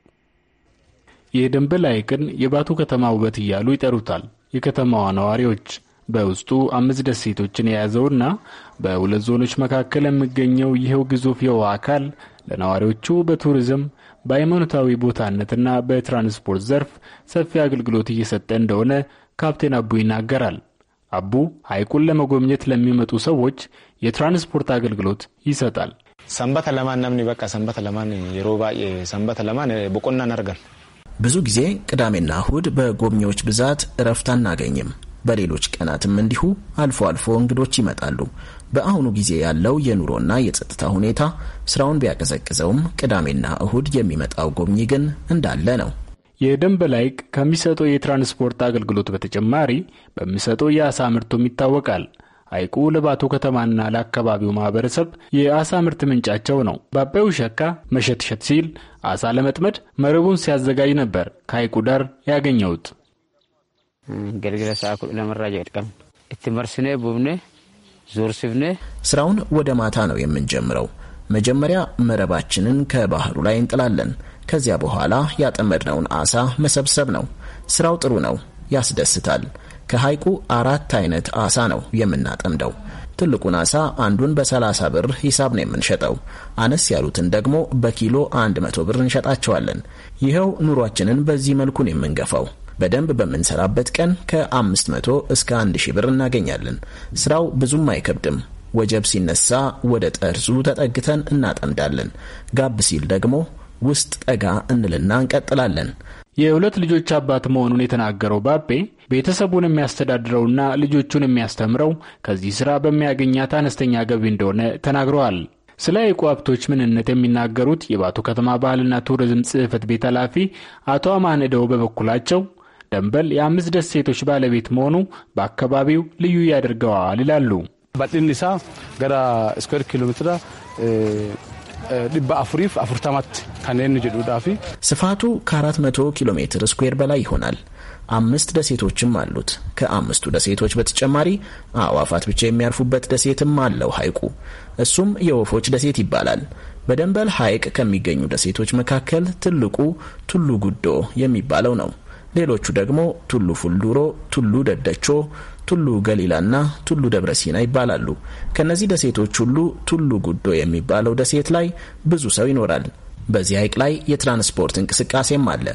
የደንበል ግን የባቱ ከተማ ውበት እያሉ ይጠሩታል የከተማዋ ነዋሪዎች። በውስጡ አምስት ደሴቶችን የያዘውና በሁለት ዞኖች መካከል የሚገኘው ይኸው ግዙፍ የውሃ አካል ለነዋሪዎቹ በቱሪዝም በሃይማኖታዊ ቦታነትና በትራንስፖርት ዘርፍ ሰፊ አገልግሎት እየሰጠ እንደሆነ ካፕቴን አቡ ይናገራል። አቡ ሐይቁን ለመጎብኘት ለሚመጡ ሰዎች የትራንስፖርት አገልግሎት ይሰጣል። ሰንበተ ለማን ነምን በቃ ሰንበተ ለማን የሮ ሰንበተ ለማን ቦቆና ነርገን ብዙ ጊዜ ቅዳሜና እሁድ በጎብኚዎች ብዛት እረፍት አናገኝም። በሌሎች ቀናትም እንዲሁ አልፎ አልፎ እንግዶች ይመጣሉ። በአሁኑ ጊዜ ያለው የኑሮና የጸጥታ ሁኔታ ስራውን ቢያቀዘቅዘውም ቅዳሜና እሁድ የሚመጣው ጎብኚ ግን እንዳለ ነው። የደንበላይቅ ከሚሰጠው የትራንስፖርት አገልግሎት በተጨማሪ በሚሰጠው የአሳ ምርቱም ይታወቃል። ሐይቁ ለባቱ ከተማና ለአካባቢው ማህበረሰብ የአሳ ምርት ምንጫቸው ነው። በአባዩ ሸካ መሸትሸት ሲል አሳ ለመጥመድ መረቡን ሲያዘጋጅ ነበር ከሐይቁ ዳር ያገኘውት። ስራውን ወደ ማታ ነው የምንጀምረው። መጀመሪያ መረባችንን ከባህሩ ላይ እንጥላለን። ከዚያ በኋላ ያጠመድነውን አሳ መሰብሰብ ነው። ስራው ጥሩ ነው፣ ያስደስታል። ከሐይቁ አራት አይነት አሳ ነው የምናጠምደው። ትልቁን አሳ አንዱን በ30 ብር ሂሳብ ነው የምንሸጠው። አነስ ያሉትን ደግሞ በኪሎ 100 ብር እንሸጣቸዋለን። ይኸው ኑሯችንን በዚህ መልኩን የምንገፋው። በደንብ በምንሰራበት ቀን ከ500 እስከ 1000 ብር እናገኛለን። ስራው ብዙም አይከብድም። ወጀብ ሲነሳ ወደ ጠርዙ ተጠግተን እናጠምዳለን። ጋብ ሲል ደግሞ ውስጥ ጠጋ እንልና እንቀጥላለን። የሁለት ልጆች አባት መሆኑን የተናገረው ባፔ ቤተሰቡን የሚያስተዳድረውና ልጆቹን የሚያስተምረው ከዚህ ሥራ በሚያገኛት አነስተኛ ገቢ እንደሆነ ተናግረዋል። ስለ ሐይቁ ሀብቶች ምንነት የሚናገሩት የባቱ ከተማ ባህልና ቱሪዝም ጽሕፈት ቤት ኃላፊ አቶ አማን እደው በበኩላቸው ደንበል የአምስት ደሴቶች ባለቤት መሆኑ በአካባቢው ልዩ ያደርገዋል ይላሉ። ባጢኒሳ ገራ ስኩዌር ኪሎ ሜትራ dhibba afuriif afurtamatti kanneen jedhudhaa fi ስፋቱ ከ400 ኪሎ ሜትር ስኩዌር በላይ ይሆናል። አምስት ደሴቶችም አሉት። ከአምስቱ ደሴቶች በተጨማሪ አዕዋፋት ብቻ የሚያርፉበት ደሴትም አለው ሐይቁ። እሱም የወፎች ደሴት ይባላል። በደንበል ሐይቅ ከሚገኙ ደሴቶች መካከል ትልቁ ቱሉ ጉዶ የሚባለው ነው። ሌሎቹ ደግሞ ቱሉ ፉልዱሮ፣ ቱሉ ደደቾ፣ ቱሉ ገሊላና ቱሉ ደብረ ሲና ይባላሉ። ከእነዚህ ደሴቶች ሁሉ ቱሉ ጉዶ የሚባለው ደሴት ላይ ብዙ ሰው ይኖራል። በዚህ ሐይቅ ላይ የትራንስፖርት እንቅስቃሴም አለ።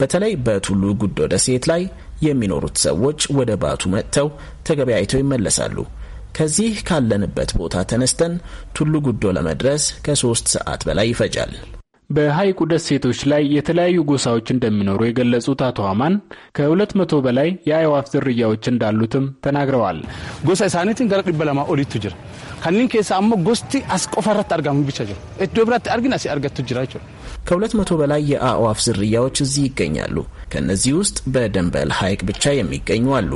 በተለይ በቱሉ ጉዶ ደሴት ላይ የሚኖሩት ሰዎች ወደ ባቱ መጥተው ተገበያይተው ይመለሳሉ። ከዚህ ካለንበት ቦታ ተነስተን ቱሉ ጉዶ ለመድረስ ከሶስት ሰዓት በላይ ይፈጃል። በሐይቁ ደሴቶች ላይ የተለያዩ ጎሳዎች እንደሚኖሩ የገለጹት አቶ አማን ከሁለት መቶ በላይ የአይዋፍ ዝርያዎች እንዳሉትም ተናግረዋል። ጎሳ ኢሳኒትን ገረ ዲበ ኦሊቱ ጅር ከኒን ኬሳ አሞ ጎስቲ አስቆፈረት አርጋሙ ብቻ ጅር እዶ ብራት አርግና ሲአርገቱ አርገቱ ጅራ ይችሉ ከሁለት መቶ በላይ የአዕዋፍ ዝርያዎች እዚህ ይገኛሉ። ከእነዚህ ውስጥ በደንበል ሐይቅ ብቻ የሚገኙ አሉ።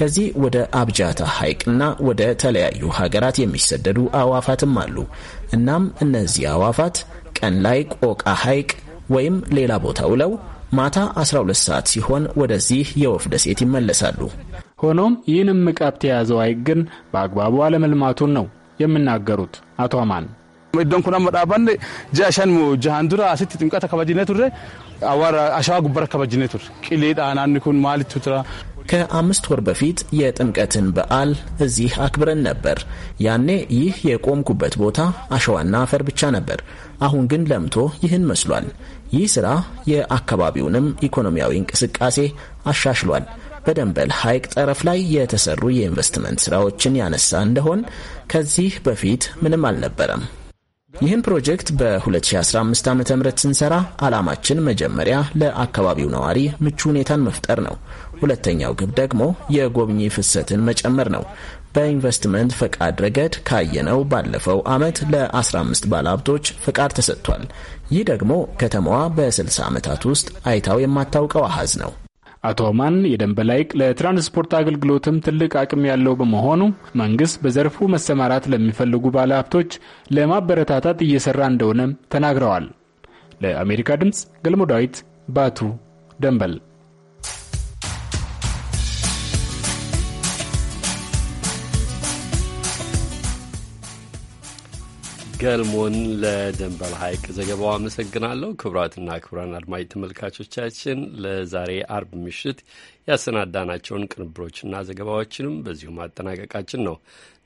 ከዚህ ወደ አብጃታ ሐይቅና ወደ ተለያዩ ሀገራት የሚሰደዱ አዕዋፋትም አሉ። እናም እነዚህ አዕዋፋት ቀን ላይ ቆቃ ሐይቅ ወይም ሌላ ቦታ ውለው ማታ 12 ሰዓት ሲሆን ወደዚህ የወፍ ደሴት ይመለሳሉ። ሆኖም ይህንም እምቅ የያዘው ሐይቅ ግን በአግባቡ አለመልማቱን ነው የምናገሩት አቶ አማን። ኢዶን ኩና መዳባን ጃሻን ጃሃን ዱራ አሲት ጥምቀት ከበጅነ ቱረ አዋር አሸዋ ጉበረ ከበጅነ ቱር ቂሌ ዳናን ኩን ማሊት ቱራ ከአምስት ወር በፊት የጥምቀትን በዓል እዚህ አክብረን ነበር። ያኔ ይህ የቆምኩበት ቦታ አሸዋና አፈር ብቻ ነበር። አሁን ግን ለምቶ ይህን መስሏል። ይህ ሥራ የአካባቢውንም ኢኮኖሚያዊ እንቅስቃሴ አሻሽሏል። በደንበል ሐይቅ ጠረፍ ላይ የተሰሩ የኢንቨስትመንት ሥራዎችን ያነሳ እንደሆን ከዚህ በፊት ምንም አልነበረም። ይህን ፕሮጀክት በ2015 ዓ ም ስንሰራ ዓላማችን መጀመሪያ ለአካባቢው ነዋሪ ምቹ ሁኔታን መፍጠር ነው። ሁለተኛው ግብ ደግሞ የጎብኚ ፍሰትን መጨመር ነው። በኢንቨስትመንት ፈቃድ ረገድ ካየነው ባለፈው ዓመት ለ15 ባለሀብቶች ፈቃድ ተሰጥቷል። ይህ ደግሞ ከተማዋ በ60 ዓመታት ውስጥ አይታው የማታውቀው አሀዝ ነው። አቶ ማን የደንበል ሐይቅ ለትራንስፖርት አገልግሎትም ትልቅ አቅም ያለው በመሆኑ መንግስት በዘርፉ መሰማራት ለሚፈልጉ ባለሀብቶች ለማበረታታት እየሰራ እንደሆነም ተናግረዋል። ለአሜሪካ ድምፅ ገልሞ ዳዊት ባቱ ደንበል ገልሞን ለደንበል ሐይቅ ዘገባው አመሰግናለሁ። ክቡራትና ክቡራን አድማጭ ተመልካቾቻችን ለዛሬ አርብ ምሽት ያሰናዳናቸውን ቅንብሮችና ዘገባዎችንም በዚሁ ማጠናቀቃችን ነው።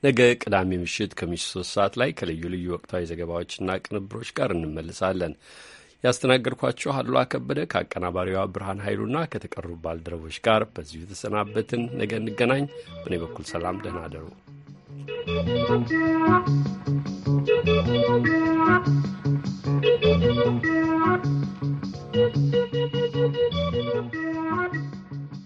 ነገ ቅዳሜ ምሽት ከምሽት ሶስት ሰዓት ላይ ከልዩ ልዩ ወቅታዊ ዘገባዎችና ቅንብሮች ጋር እንመልሳለን። ያስተናገድኳችሁ አሉላ ከበደ ከአቀናባሪዋ ብርሃን ኃይሉና ከተቀሩ ባልደረቦች ጋር በዚሁ የተሰናበትን። ነገ እንገናኝ። በእኔ በኩል ሰላም፣ ደህና አደሩ። Thank you.